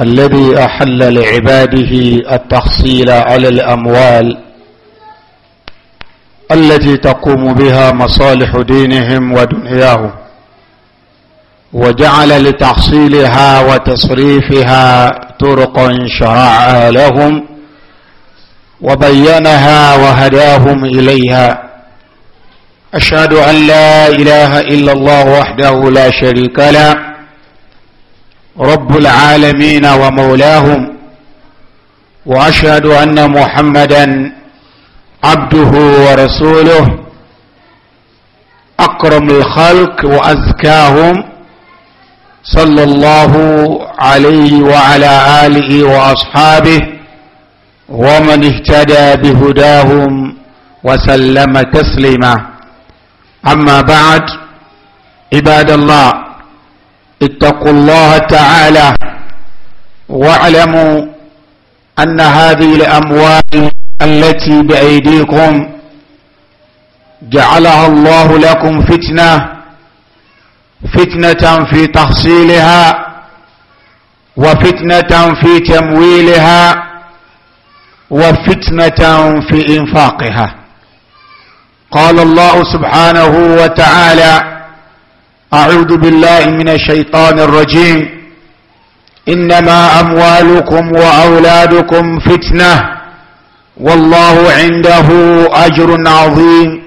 الذي أحل لعباده التحصيل على الأموال التي تقوم بها مصالح دينهم ودنياهم وجعل لتحصيلها وتصريفها طرقا شرعها لهم وبينها وهداهم إليها أشهد أن لا إله إلا الله وحده لا شريك له رب العالمين ومولاهم واشهد ان محمدا عبده ورسوله اكرم الخلق وازكاهم صلى الله عليه وعلى اله واصحابه ومن اهتدى بهداهم وسلم تسليما اما بعد عباد الله اتقوا الله تعالى واعلموا أن هذه الأموال التي بأيديكم جعلها الله لكم فتنة فتنة في تحصيلها وفتنة في تمويلها وفتنة في إنفاقها قال الله سبحانه وتعالى أعوذ بالله من الشيطان الرجيم إنما أموالكم وأولادكم فتنة والله عنده أجر عظيم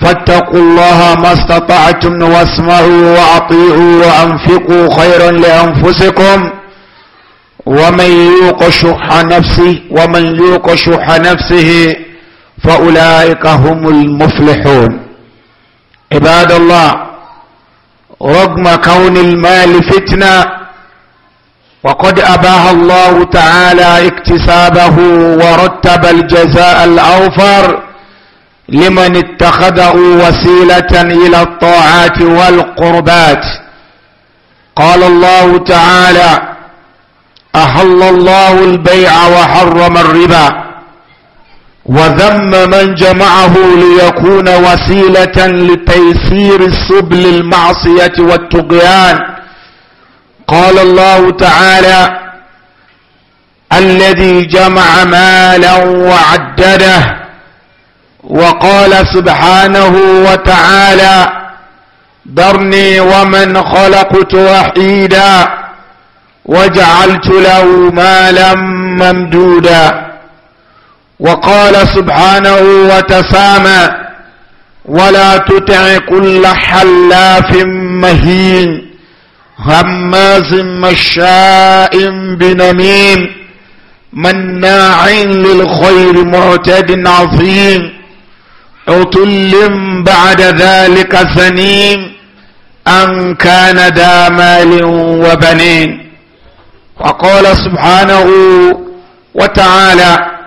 فاتقوا الله ما استطعتم واسمعوا وأطيعوا وأنفقوا خيرا لأنفسكم ومن يوق شح نفسه ومن يوق شح نفسه فأولئك هم المفلحون عباد الله رغم كون المال فتنة وقد أباها الله تعالى اكتسابه ورتب الجزاء الأوفر لمن اتخذه وسيلة إلى الطاعات والقربات قال الله تعالى أحل الله البيع وحرم الربا وذم من جمعه ليكون وسيلة لتيسير سبل المعصية والطغيان قال الله تعالى الذي جمع مالا وعدده وقال سبحانه وتعالى درني ومن خلقت وحيدا وجعلت له مالا ممدودا وقال سبحانه وتسامى ولا تطع كل حلاف مهين هماز مشاء بنميم مناع للخير معتد عظيم عتل بعد ذلك سنين أن كان ذا مال وبنين وقال سبحانه وتعالى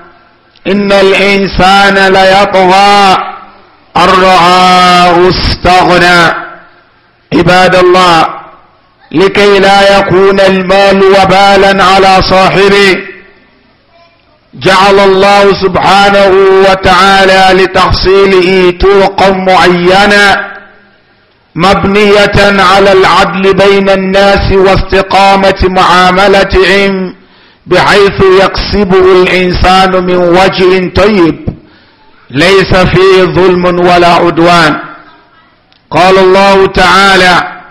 إن الإنسان ليطغى الرعاء استغنى عباد الله لكي لا يكون المال وبالا على صاحبه جعل الله سبحانه وتعالى لتحصيله طرقا معينة مبنية على العدل بين الناس واستقامة معاملتهم بحيث يقصبه الإنسان من وجه طيب ليس فيه ظلم ولا عدوان قال الله تعالى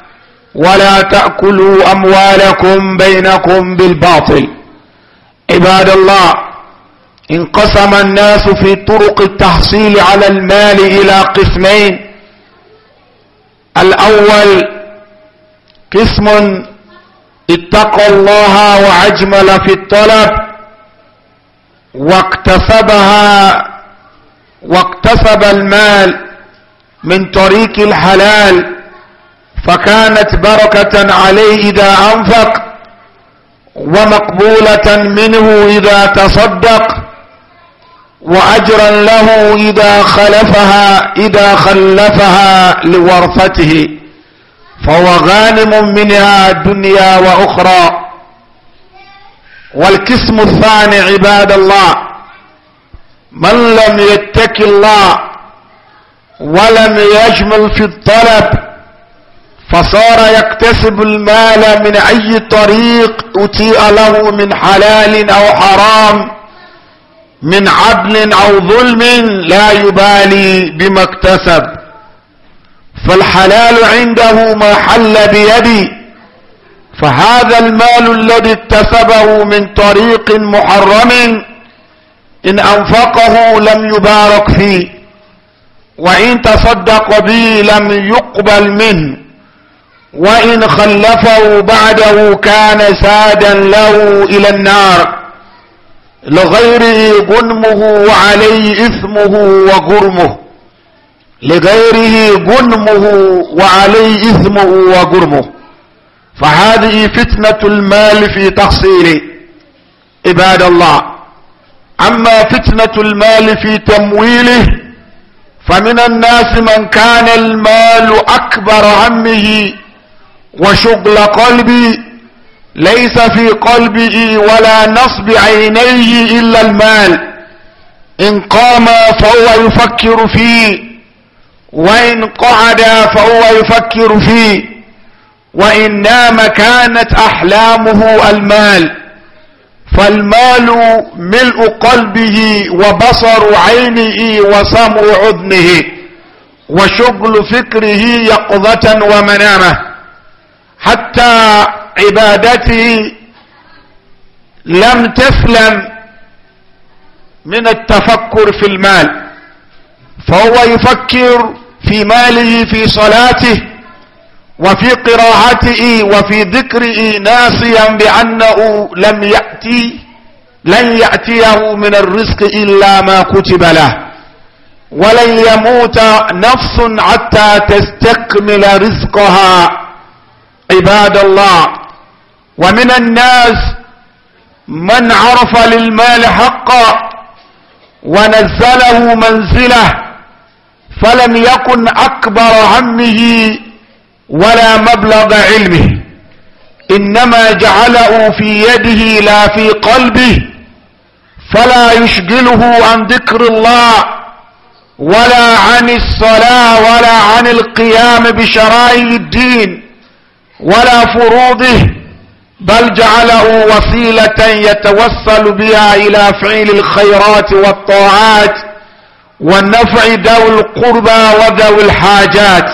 ولا تأكلوا أموالكم بينكم بالباطل عباد الله انقسم الناس في طرق التحصيل على المال إلى قسمين الأول قسم اتقى الله وأجمل في الطلب واكتسبها واكتسب المال من طريق الحلال فكانت بركة عليه إذا أنفق ومقبولة منه إذا تصدق وأجرا له إذا خلفها إذا خلفها لورثته فهو غانم منها دنيا وأخرى والقسم الثاني عباد الله من لم يتك الله ولم يجمل في الطلب فصار يكتسب المال من أي طريق أتيء له من حلال أو حرام من عدل أو ظلم لا يبالي بما اكتسب فالحلال عنده ما حل بيدي فهذا المال الذي اكتسبه من طريق محرم إن أنفقه لم يبارك فيه وإن تصدق به لم يقبل منه وإن خلفه بعده كان سادا له إلى النار لغيره ظلمه وعليه إثمه وغرمه لغيره جنمه وعليه إثمه وجرمه فهذه فتنة المال في تحصيله عباد الله أما فتنة المال في تمويله فمن الناس من كان المال أكبر همه وشغل قلبي ليس في قلبه ولا نصب عينيه إلا المال إن قام فهو يفكر فيه وإن قعد فهو يفكر فيه وإن نام كانت أحلامه المال فالمال ملء قلبه وبصر عينه وسمع عذنه وشغل فكره يقظة ومنامه حتى عبادته لم تسلم من التفكر في المال فهو يفكر في ماله في صلاته وفي قراءته وفي ذكره ناسيا بأنه لم يأتي لن يأتيه من الرزق إلا ما كتب له ولن يموت نفس حتى تستكمل رزقها عباد الله ومن الناس من عرف للمال حقا ونزله منزله فلم يكن أكبر همه ولا مبلغ علمه إنما جعله في يده لا في قلبه فلا يشغله عن ذكر الله ولا عن الصلاة ولا عن القيام بشرائع الدين ولا فروضه بل جعله وسيلة يتوسل بها إلى فعل الخيرات والطاعات والنفع ذوي القربى وذوي الحاجات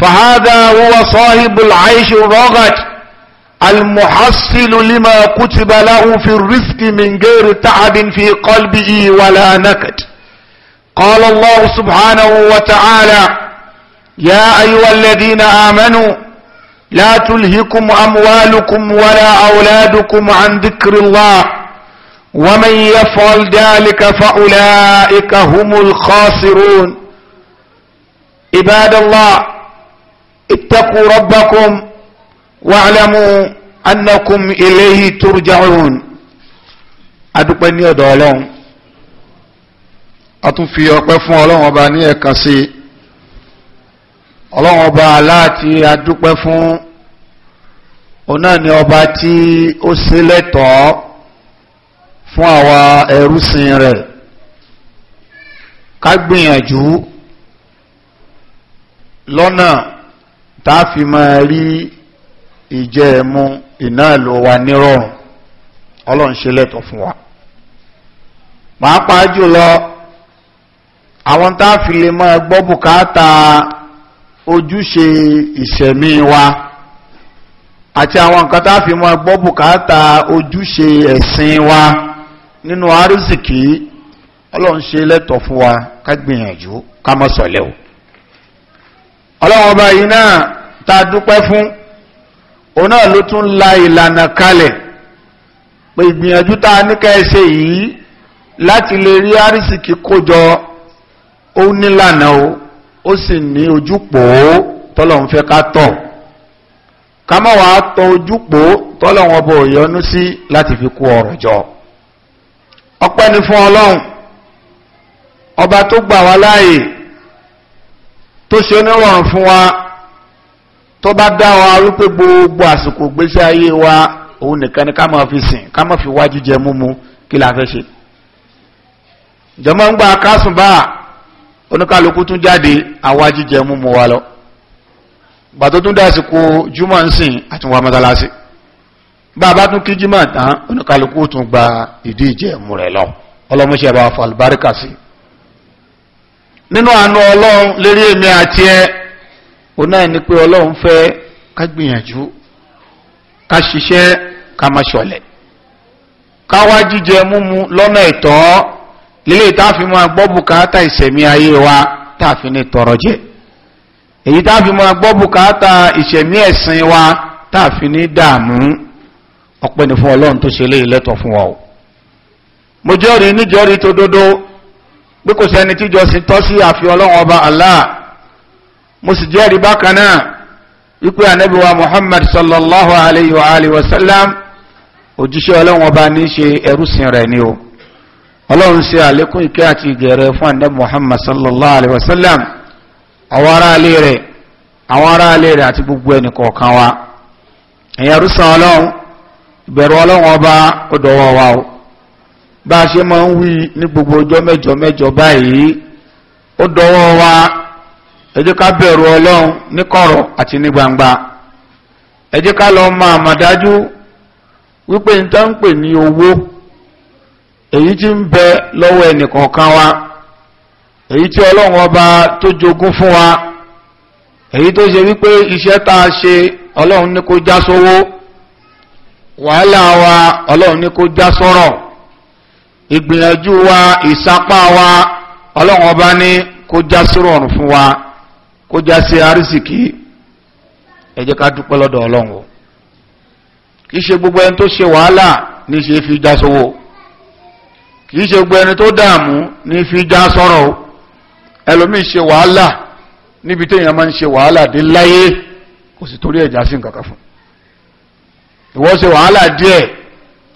فهذا هو صاحب العيش الرغد المحصل لما كتب له في الرزق من غير تعب في قلبه ولا نكد قال الله سبحانه وتعالى يا أيها الذين آمنوا لا تلهكم أموالكم ولا أولادكم عن ذكر الله ومن يفعل ذلك فأولئك هم الخاسرون عباد الله اتقوا ربكم واعلموا أنكم إليه ترجعون أدقني أدولون أتوفي أقفون الله وباني أكسي الله وبالاتي أدقفون ọ̀nà ni ọba tí fún àwa ẹrúsìn rẹ̀ ká gbìyànjú lọ́nà tá fi máa rí ìjẹ ẹ̀mú iná ìlò wa nírọ̀rùn ọlọ́run ṣe lẹ́tọ̀ fún wa pàápàá jùlọ àwọn tá a fi lè máa gbọ́ bùkátà ojúṣe ìṣẹ̀mí wa àti àwọn nǹkan tá a fi máa gbọ́ bùkátà ojúṣe ẹ̀sìn wa nínú àrísìkí ọlọ́run ṣe lẹ́tọ̀ fún wa ká gbìyànjú ká má sọ̀lẹ̀ o ọlọ́run ọba yìí náà ta dúpẹ́ fún òun náà ló tún la ìlànà kalẹ̀ pé ìgbìyànjú tá a ní ká ẹ ṣe yìí láti lè rí àrísìkí kójọ ó nílànà o ó sì ní ojúpò tọ́lọ́run fẹ́ ká tọ̀ ká má wàá tọ ojúpò tọ́lọ́run ọba òyọnú sí láti fi kó ọrọ̀ jọ ọpẹ́ ni fún ọlọ́run ọba tó gbà wá láàyè tó ṣe onírọ̀rùn fún wa tó bá dá wa wípé gbogbo àsìkò gbésí ayé wa òun nìkan ni ká máa fi sìn ká máa fi wá jíjẹ múmu kí la fẹ́ ṣe jọmọ́ ń gba kásùn bá oníkálukú tún jáde àwa jíjẹ múmu wa lọ gbàtó tún dá àsìkò júmọ̀ ń sìn àti wọn mọ́tálásí bàbá tún kí jímọ̀ tán oníkàlùkù tún gba ìdí ìjẹ̀mú rẹ̀ lọ ọlọ́mọṣẹ́ bá fa àlùbáríkà sí nínú àánú ọlọ́run lérí èmi àti ẹ òun náà ni pé ọlọ́run fẹ́ ká gbìyànjú ká ṣiṣẹ́ ká má ṣọ̀lẹ ká wá jíjẹ múmu lọ́nà ìtọ́ lílé táàfin máa gbọ́ bùkátà ìṣẹ̀mí ayé wa táàfin ní tọrọ jẹ èyí táàfin máa gbọ́ bùkátà ìṣẹ̀mí ẹ̀sìn wa táàfin ní dààmú ọpẹ́ ni fún ọlọ́run tó ṣe léyìí lẹ́tọ̀ fún wa o mo jẹ́rìí níjọ́rìí tó dódó bí kò sẹ́ni tíjọ sí tọ́ sí àfi ọlọ́run ọba Allah mo sì jẹ́rìí bákan náà wípé ànábì Muhammad sallallahu alayhi wa alayhi wa sallam òjíṣẹ́ ọlọ́run ọba ní ṣe ẹrúsìn rẹ̀ ni o ọlọ́run ṣe àlékún ìkẹ́ àti ìgẹ̀rẹ̀ fún ànábì Muhammad sallallahu alayhi wa sallam àwọn aráalé rẹ̀ àwọn aráalé rẹ̀ àti gbogbo ẹnì kọ̀ọ̀kan wa ẹ̀yà rúsàn ọlọ́run ìbẹ̀rù ọlọ́run ọba ó dọ̀wọ́ o bá a ṣe ma ń wí ní gbogbo ọjọ́ mẹ́jọ mẹ́jọ báyìí ó dọ̀wọ́ wa ẹ bẹ̀rù ọlọ́run ní kọ̀rọ̀ àti ní gbangba lọ wípé pè ní wa èyí tí ọba tó jogún fún wa èyí tó ṣe wípé iṣẹ́ tá a ṣe ní kó wàhálà wa ọlọ́run ní kó já sọ́rọ̀ ìgbìyànjú wa ìsapá wa ọlọ́run ọba ní kó já sọ́rọ̀ ọ̀run fún wa kó já sí arísìkí ẹ jẹ́ ká dúpẹ́ lọ́dọ̀ ọlọ́run o kì í ṣe gbogbo ẹni tó ṣe wàhálà ní ṣe fi já sówó kì í ṣe gbogbo ẹni tó dààmú ní fi já sọ́rọ̀ ẹlòmíì ṣe wàhálà níbi téèyàn máa ń ṣe wàhálà dé láyé kò sì torí ẹ̀já sí nǹkan kan fún ìwọ ṣe wàhálà díẹ̀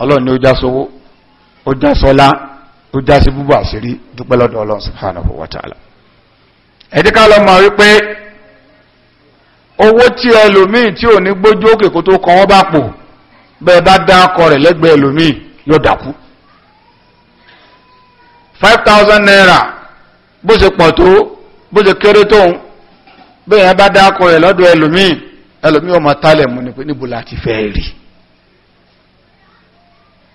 ọlọ́run ni ó já sówó ó já sọlá ó já sí búbú àṣírí dúpẹ́ lọ́dọ̀ ọlọ́run subhanahu wa ta'ala ẹ̀díká lọ mọ̀ wípé owó tí ẹlòmíì tí ò ní gbójú òkè kó tó kan wọ́n bá pò bẹ́ẹ̀ bá dá ọkọ rẹ̀ lẹ́gbẹ̀ẹ́ ẹlòmíì yóò dákú five thousand naira bó ṣe pọ̀ tó bó ṣe kéré tóun bẹ́ẹ̀ yẹn bá dá ọkọ rẹ̀ lọ́dọ̀ ẹlòmíì ẹlòmíì ọmọ tálẹ̀ mú pé níbo la fẹ́ rí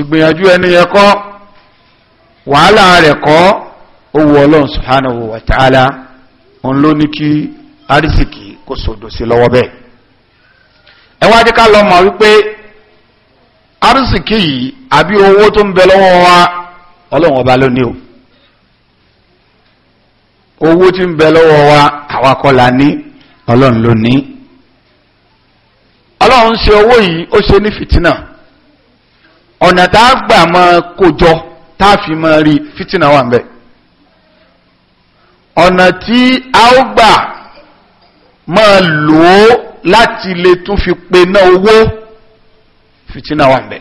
ìgbìyànjú ẹni yẹ kọ́ wàhálà rẹ̀ kọ́ owó ọlọ́run subhanahu wa ta'ala òun ló ní kí arísìkì kó sòdò sí lọ́wọ́ bẹ́ẹ̀ ẹwà wá lọ mọ̀ wípé arísìkì yìí àbí owó tó ń bẹ lọ́wọ́ wa ọlọ́run ọba ló ní o owó tí ń bẹ lọ́wọ́ ọ̀nà tá a gbà mọ kójọ tá a fi mọ rí fìtínà wà nbẹ ọ̀nà tí a ó gbà mọ lò ó láti lè tún fi pe náà owó fìtínà wà nbẹ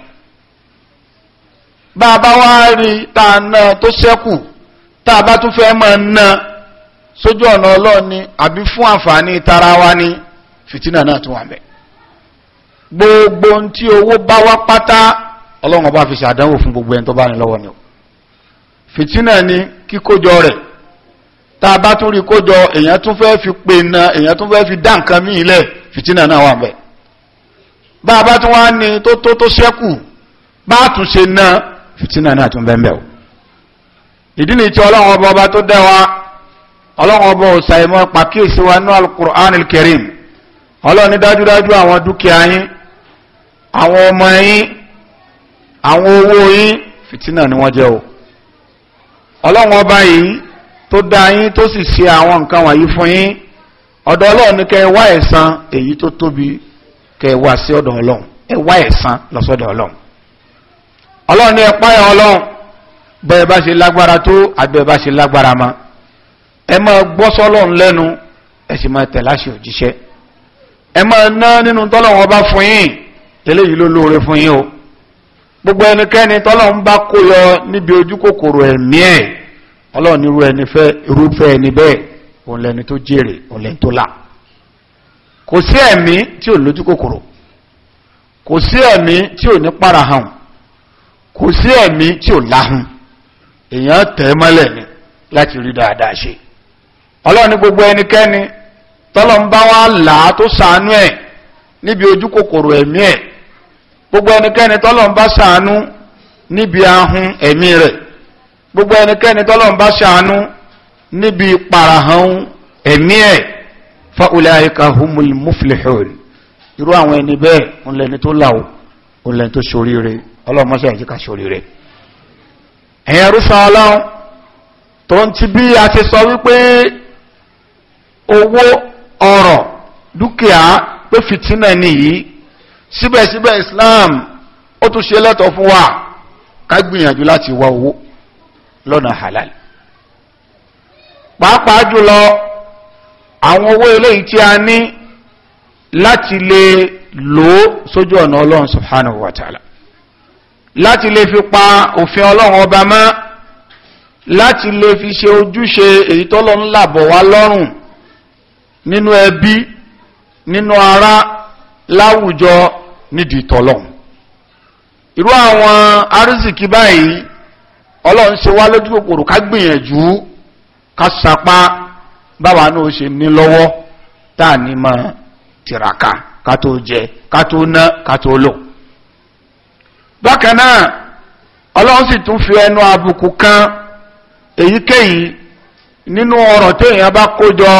bá a bá wá rí tá a ná tó ṣẹ́kù tá a bá tún fẹ́ mọ ná sójú ọ̀nà ọlọ́ọ̀ni àbí fún àǹfààní tara wa ni fìtínà náà tún wà nbẹ gbogbo ohun owó bá wá pátá ọlọ́run ọba fi ṣàdánwò fún gbogbo ẹni tó bá ní lọ́wọ́ ni o fìtínà ni kíkójọ rẹ̀ tá a bá tún rí kójọ èèyàn tún fẹ́ fi pe na èèyàn tún fẹ́ fi dá nǹkan míì lẹ̀ fìtínà náà wà bẹ́ẹ̀ bá a bá tún wá ní tó tó tó ṣẹ́kù bá a tún ṣe ná fìtínà náà tún bẹ́ẹ̀ bẹ́ẹ̀ ìdí nìyí tí ọlọ́run ọba ọba tó dẹ́ wa ọlọ́run ọba òsàìmọ́ pàkíyèsí wa ní alukur'an alkarim ọlọ́run ní dájúdájú àwọn dúkìá yín àwọn ọmọ yín àwọn owó yín fìtínà ni wọ́n jẹ́ o ọlọ́run ọba yìí tó dá yín tó sì ṣe àwọn nǹkan wọ̀nyí fún yín ọ̀dọ̀ ọlọ́run ní kẹ́ ẹ wá ẹ̀san èyí tó tóbi kẹ́ ẹ wá sí ọ̀dọ̀ ọlọ́run ẹ wá ẹ̀san lọ́sọ̀dọ̀ ọlọ́run ọlọ́run ní ẹ páyà ọlọ́run bẹ́ẹ̀ bá ṣe lágbára tó àbẹ́ẹ̀ bá ṣe lágbára ma ẹ máa gbọ́ sọ́lọ́run lẹ́nu ẹ sì máa tẹ̀lé òjíṣẹ́ ẹ máa ná nínú tọ́lọ́run ọba fún yín eléyìí ló lóore fún yín o gbogbo ẹnikẹ́ni tọ́lọ́run bá kó yọ níbi ojú ẹ̀mí ẹ̀ ọlọ́run nírú ẹni fẹ́ irúfẹ́ ẹni bẹ́ẹ̀ òun tó jèrè tó là kò sí ẹ̀mí tí ò lójú kòkòrò kò sí ẹ̀mí tí ò ní parahàn kò sí ẹ̀mí tí ò láhùn èèyàn mọ́lẹ̀ ni láti rí dáadáa ṣe gbogbo ẹnikẹ́ni tọ́lọ́n bá ṣàánú níbi ahun ẹ̀mí gbogbo ẹnikẹ́ni tọ́lọ́n bá ṣàánú níbi parahàn ẹ̀mí ẹ̀ fa ulaika humul muflihun irú àwọn ẹni bẹ́ẹ̀ ònlẹ́ni tó làwọ̀ ònlẹ́ni tó ṣoríire ọlọ́mọṣẹ́ àti ká ṣoríire ẹ̀yẹn rúṣà ọlọ́run tó ń ti bí a ti sọ wípé owó dúkìá pé fìtínà nìyí síbẹ̀síbẹ̀ Islam ó tún ṣe lẹ́tọ̀ fún wa ká gbìyànjú láti wá owó lọ́nà halal pàápàá jùlọ àwọn owó eléyìí tí a ní láti lè lò ó sójú ọ̀nà ọlọ́run subhanahu wa ta'ala láti lè fi pa òfin ọlọ́run ọba mọ́ láti lè fi ṣe ojúṣe èyí tọ́lọ́ ń wá lọ́rùn nínú ẹbí nínú ará láwùjọ nídìí tọ́lọ́hún irú àwọn arísìkí báyìí ọlọ́run ṣe wá lójú kòkòrò ká gbìyànjú ká sapá báwa náà ṣe ní lọ́wọ́ tá a ní máa tiraka ká tó jẹ ká tó ná ká tó lò bákan náà ọlọ́run sì tún fi ẹnu àbùkù kan èyíkéyìí nínú ọ̀rọ̀ téèyàn bá kó jọ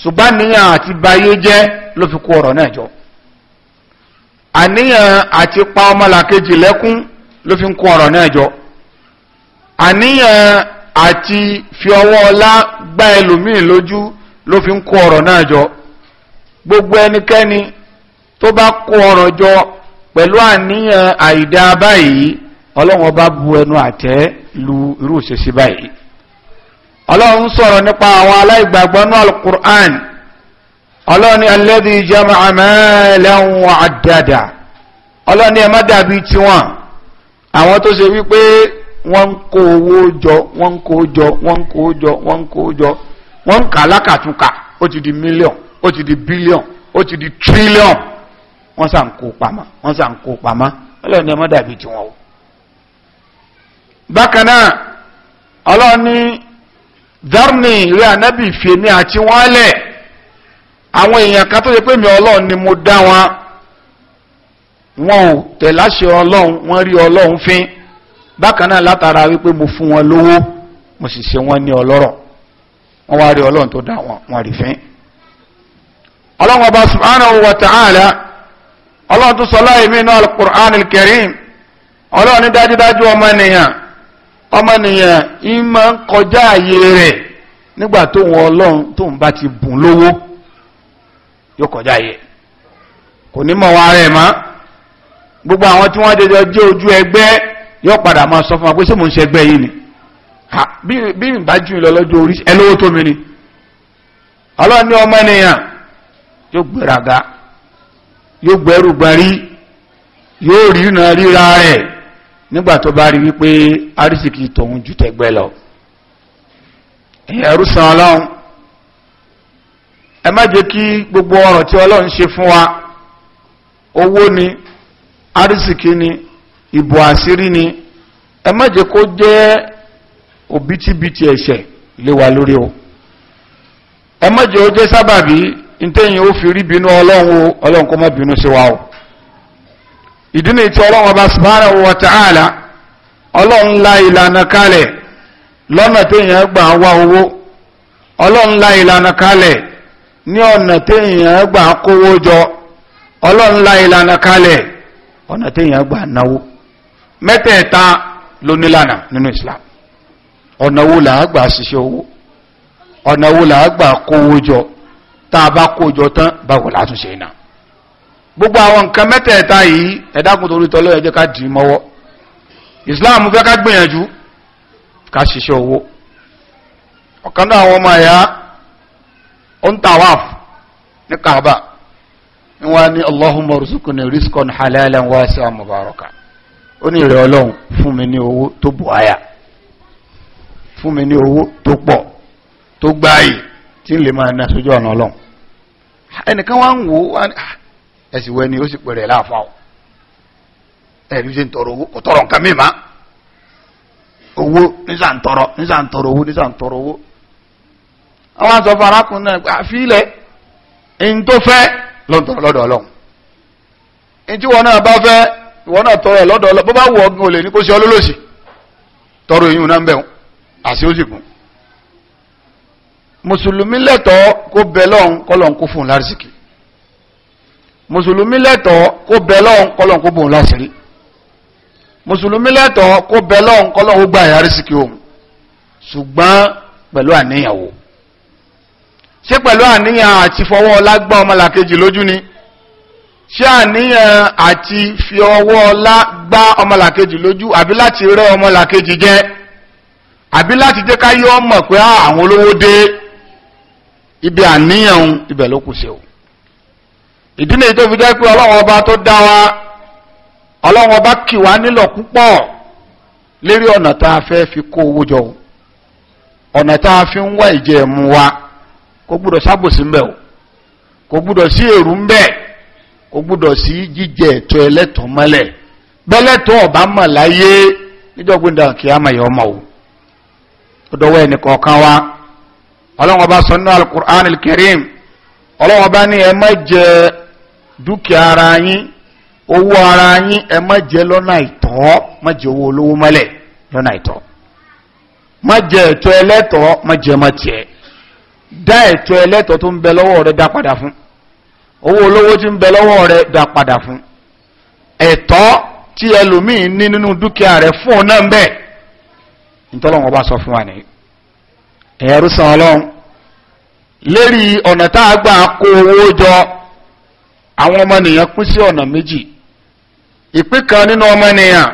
ṣùgbọ́n níyàn àti báyé jẹ́ ló fi kó ọ̀rọ̀ náà jọ àníyàn àti pa ọmọlàkejì lẹ́kún ló fi ń kún ọ̀rọ̀ náà jọ àníyàn àti fi ọwọ́ ọlá gbá ẹlòmíì lójú ló fi ń kún ọ̀rọ̀ náà jọ gbogbo ẹnikẹ́ni tó bá kún ọ̀rọ̀ jọ pẹ̀lú àníyàn àìdá báyìí ọlọ́run ọba bu ẹnu àtẹ́ lu irú òṣèṣì báyìí ọlọ́run sọ̀rọ̀ nípa àwọn aláìgbàgbọ́ náà alukur'an ọlọ́ni alladhi jama'a malan wa addada ọlọ́ni ẹmọ́ dàbí tí wọ́n àwọn tó ṣe wípé wọ́n ń kó owó jọ wọ́n ń kó jọ wọ́n ń kó jọ wọ́n ń kó jọ wọ́n ń kà lákàtúnkà ó ti di mílíọ̀n ó ti di bílíọ̀n ó ti di tírílíọ̀n wọ́n sà kó pamọ́ wọ́n sà kó pamọ́ ọlọ́ni ẹmọ́ tí wọ́n o. bákan náà ọlọ́ni dární rí anábì fèmí àti wọ́n lẹ̀ àwọn èèyàn kan tó ṣe pé mi ọlọ́run ni mo dá wọn wọn ò tẹ̀láṣẹ ọlọ́run wọn rí ọlọ́run fín bákan náà látara wípé mo fún wọn lówó mo sì ṣe wọn ní ọlọ́rọ̀ wọn wá rí ọlọ́run tó dá wọn wọ́n rí fín ọlọ́run ọba ọlọ́run tó sọ láì mí náà al ọlọ́run ní yóò kọjá yẹ kò ní mọ̀ wá rẹ̀ mọ́ gbogbo àwọn tí wọ́n jẹjọ jẹ́ ojú ẹgbẹ́ yóò padà máa sọ fún wa pé ṣé mò ń ṣe yìí ni bí n bá jù lọ lọ́jọ́ orí ẹ lówó tó mi ni ọlọ́run ní ọmọ ènìyàn yóò gbéraga yóò gbẹ́rù gbarí yóò ríran ríra rẹ̀ nígbà tó bá rí wípé arísìkì tòun jù tẹ̀gbẹ́ lọ ẹ̀yẹ̀rú san ọlọ́run ẹ jẹ́ kí gbogbo ọ̀rọ̀ tí ọlọ́run ṣe fún wa owó ni arísìkí ni ìbò àṣírí ni ẹ jẹ́ kó jẹ́ òbítíbitì ẹ̀ṣẹ̀ léwa wa lórí o ẹ má jẹ́ ó jẹ́ sábàbí ntẹ́yìn ó fi rí bínú ọlọ́run ọlọ́run kó má bínú sí wa o ìdí ni ọlọ́run ọba subhanahu wa ta'ala ọlọ́run la ìlànà kalẹ̀ lọ́nà téèyàn gbà wá owó ọlọ́run la ìlànà kalẹ̀ ní ọ̀nà téèyàn gbà kówó jọ ọlọ́nlá ìlànà kalẹ̀ ọ̀nà téèyàn gbà náwó mẹ́tẹ̀ẹ̀ta ló nílànà nínú Islam ọ̀nà wo là á gbà ṣiṣẹ́ owó ọ̀nà wo là á gbà kówó jọ tá a bá kó jọ tán báwo la tún ṣe gbogbo àwọn nǹkan mẹ́tẹ̀ẹ̀ta yìí ẹ torí tọ́lọ́ ẹ ká dì mọ́wọ́ Islam fẹ́ ká gbìyànjú ká ṣiṣẹ́ owó ọ̀kan náà àwọn ọmọ ẹ̀yà ó ń tawaf ní kaaba wọ́n ní allahumma ruzukuni rizqan halalan wasi'an mubaraka ó ní ìrẹ̀ ọlọ́run fún mi ní owó tó bù áyà fún mi ní owó tó pọ̀ tó gbáyì tí ń lè máa ná sójú ọ̀nà ọlọ́run ẹnìkan wá ń wò ah, ẹ̀sì wẹ́ni ó sì pẹ̀rẹ̀ láàfáà ẹ̀rí ṣe ń tọrọ owó kò tọrọ nǹkan mímá owó nísà ń tọrọ nísà ń tọrọ owó nísà ń tọrọ owó àwọn àti ọ̀fọ̀ arákùnrin náà pé àfilẹ̀ ẹni tó fẹ́ lọ́dọ̀ lọ́dọ̀ ọlọ́run ẹni tí wọn náà bá fẹ́ ìwọ náà tọrọ ẹ̀ lọ́dọ̀ ọlọ́run bó bá wù ọgbìn olè ní kó ṣe ọlọ́lọ́sì tọrọ èyí náà ń bẹ̀ àṣẹ ó sì kún mùsùlùmí lẹ́tọ̀ọ́ kó bẹ lọ́hùn kọ́lọ́hùn kó fún un lárísìkì mùsùlùmí lẹ́tọ̀ọ́ kó bẹ lọ́hùn kọ́lọ́hùn kó bò ń mùsùlùmí lẹ́tọ̀ọ́ kó bẹ lọ́hùn kọ́lọ́hùn ó gbà yàrísìkì òun ṣùgbọ́n pẹ̀lú àníyàwó ṣé pẹ̀lú àníyàn àti fọwọ́ ọlá gbá ọmọlàkejì lójú ni ṣé àníyàn àti fi ọwọ́ ọlá gbá ọmọlàkejì lójú àbí láti rẹ́ ọmọlàkejì jẹ àbí láti jẹ́ ká yọ ọmọ pé ah, àwọn olówó dé ibi àníyàn ibẹ̀ ló kù sí o ìdí nìyí tó fi jẹ́ pé ọlọ́run ọba tó dá wa ọlọ́run ọba kì wá nílọ̀ púpọ̀ lérí ọ̀nà tá a fẹ́ fi kó owó jọ ọ̀nà tá a fi ń wá ìjẹ́ mu wa kò gbúdọ̀ sábòsí ń bẹ̀ o kò gbúdọ̀ sí èrú ń bẹ̀ kò gbúdọ̀ sí jíjẹ ẹ̀tọ́ ẹlẹ́tọ̀ mọ́lẹ̀ bẹ́lẹ́tọ̀ ọ̀bá mọ̀ láyé níjọ́gbìndà kí á mọ̀ yọ ọmọ o ọdọ̀wọ́ ẹnìkọ̀ọ̀kan wa ọlọ́wọ́n bá sọ nínú alukur'an alkarim ọlọ́wọ́n bá ní ẹ má jẹ dúkìá ara yín owó ara yín ẹ má jẹ lọ́nà àìtọ́ má jẹ owó olówó mọ́lẹ̀ lọ́nà àìtọ́ má jẹ ẹ̀tọ́ ẹlẹ́tọ̀ má jẹ má tiẹ̀ dá ẹ̀tọ́ ẹlẹ́tọ̀ tó ń bẹ lọ́wọ́ rẹ dá padà fún owó olówó tí ń bẹ lọ́wọ́ rẹ dá padà fún ẹ̀tọ́ tí ẹlòmíì ní nínú dúkìá rẹ fún ọ ń bẹ ìtọ́lọ́wọ́n bá sọ fún wa nìyí ẹ̀rú san ọlọ́run lérí ọ̀nà tá a gbà kó owó jọ àwọn ọmọnìyàn pín sí ọ̀nà méjì ìpín kan nínú ọmọnìyàn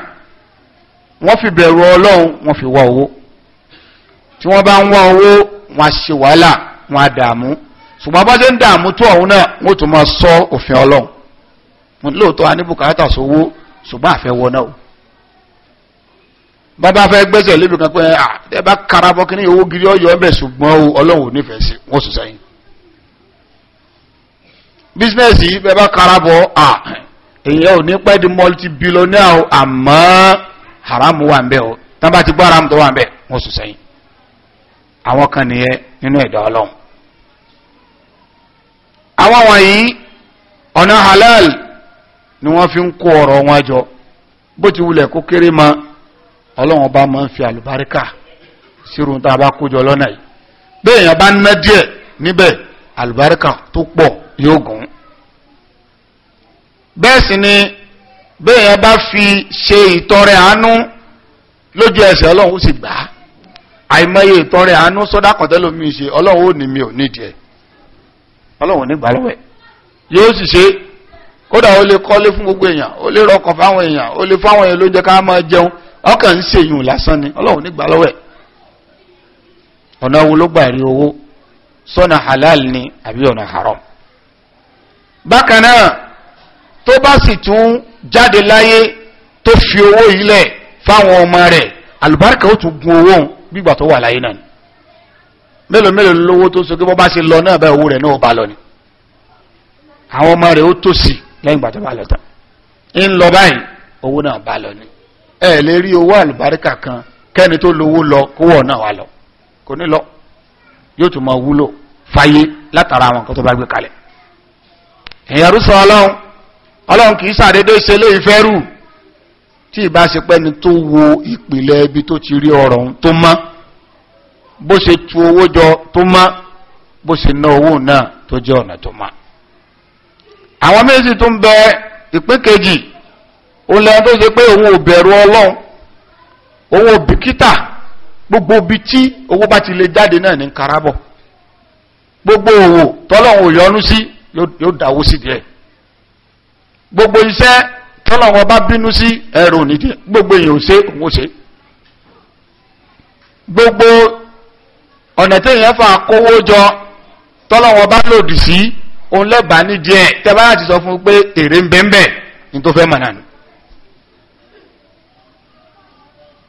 wọ́n fi bẹ̀rù ọlọ́run wọ́n fi wá owó tí wọ́n bá ń wá owó wọn á ṣe wàhálà wọn á dààmú ṣùgbọ́n bá ṣe ń dààmú tó ọ̀hún náà wọ́n tún máa sọ òfin ọlọ́run lóòótọ́ a ní bùkátà sówó ṣùgbọ́n àfẹ́ wọ náà o bàbá fẹ́ gbẹ́sẹ̀ lébi kan pé à ẹ bá karabọ́ kí ní owó gidi ọyọ ọbẹ̀ ṣùgbọ́n ọlọ́run ò nífẹ̀ẹ́ sí wọ́n sùn sẹ́yìn bísínẹ́sì ẹ bá karabọ́ à èyàn ò ní pẹ́ di multi-billionaire àmọ́ haram wà ń bẹ̀ o tán bá ti gbọ́ haram tó wà ń bẹ̀ wọ́n sùn sẹ́yìn àwọn kan nìyẹn nínú ẹ̀dá ọlọ́run àwọn wọ̀nyí ọ̀nà halal ni wọ́n fi ń kó ọ̀rọ̀ wọn jọ bó ti wulẹ̀ kó kéré ma ọlọ́run bá máa ń fi àlùbáríkà sírun tá a bá kójọ lọ́nà yìí bẹ́ẹ̀ yẹn bá ná díẹ̀ níbẹ̀ àlùbáríkà tó pọ̀ yóò gùn bẹ́ẹ̀ sì ni bẹ́ẹ̀ yẹn bá fi ṣe ìtọrẹ àánú lójú ẹsẹ̀ ọlọ́run ó sì gbà àìmọye ìtọrẹ àánú sọ́dá kọ̀tẹ́lómi ṣe ọlọ́run ò ní mi ò nídìí ẹ̀ ọlọ́run ò ní gbà lọ́wọ́ ẹ̀ yóò sì ṣe kódà ó lè kọ́lé fún gbogbo èèyàn ó lè rọkọ̀ fáwọn èèyàn ó lè fáwọn èèyàn ló jẹ́ ká máa jẹun ọkàn ń ṣèyùn lásán ni ọlọ́run ò ní gbà lọ́wọ́ ọ̀nà wo owó sọ́nà halal ni àbí ọ̀nà haram bákan náà tó bá sì tún jáde láyé tó fi owó ilẹ̀ fáwọn ọmọ rẹ̀ àlùbáríkà ó tún gun owó gbígbà tó wà láyé náà ni mélòó mélòó lówó tó sókè bọ́ bá ṣe lọ náà bá owó rẹ̀ náà bá lọ ni àwọn ọmọ rẹ̀ ó tòṣì lẹ́yìn ìgbà tó bá lọ tán ń lọ báyìí owó náà bá lọ ni ẹ lè rí owó àlùbáríkà kan kẹ́ni tó lówó lọ kówó náà wà lọ kò ní lọ yóò tún máa wúlò fáyé látara àwọn nǹkan tó bá gbé kalẹ̀ èèyàn rúṣọ ọlọ́run ọlọ́run kì í ṣàdédé ṣe lé ìfẹ́ rù tí ìbá ṣe pẹ́ni tó wo ìpìlẹ̀ ibi tó ti rí ọrọ̀ tó má bó se tu owó jọ tó má bó se ná owó náà tó jẹ́ ọ̀nà tó má àwọn méjì tó ń bẹ ìpín kejì ó lẹ́yìn tó ṣe pé òun gbogbo bi tí owó bá ti lè jáde náà ní karabọ̀ gbogbo òwò tọ́lọ́run ò yọnu sí gbogbo iṣẹ́ tọ́lọ̀ wọn bá bínú sí ẹ̀rọ onídìí gbogbo èèyàn ò ṣe òun ò ṣe gbogbo ọ̀nà tí èèyàn fà kówó jọ tọ́lọ̀ wọn bá lòdì sí òun lẹ́bàá nídìí ẹ̀ tẹ́bá láti sọ fún un pé èrè ń bẹ́ńbẹ́ ní tó fẹ́ mọ̀ náà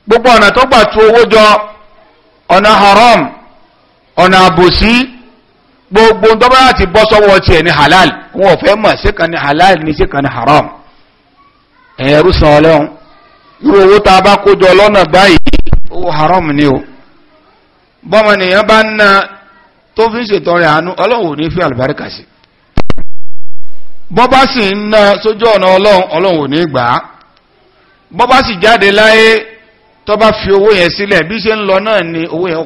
gbogbo ọ̀nà tó gbà tu owó jọ ọ̀nà haram ọ̀nà àbòsí gbogbo tó bá láti bọ́ sọ́wọ́ tiẹ̀ ní halal wọn ò fẹ́ mọ̀ ṣé kan ní halal ní ṣé kan ní haram ẹ̀yẹ san ọlọ́run irú owó tá a bá kó jọ lọ́nà báyìí owó haram ni o bọ́mọnìyàn bá ń na tó fi ń ṣètọrẹ àánú ọlọ́run ò ní fi àlùbáríkà sí bọ́ sì ń na sójú ọ̀nà ọlọ́run ọlọ́run ò ní gbà sì jáde láyé tó fi owó yẹn sílẹ̀ bí ṣe ń ni owó yẹn ó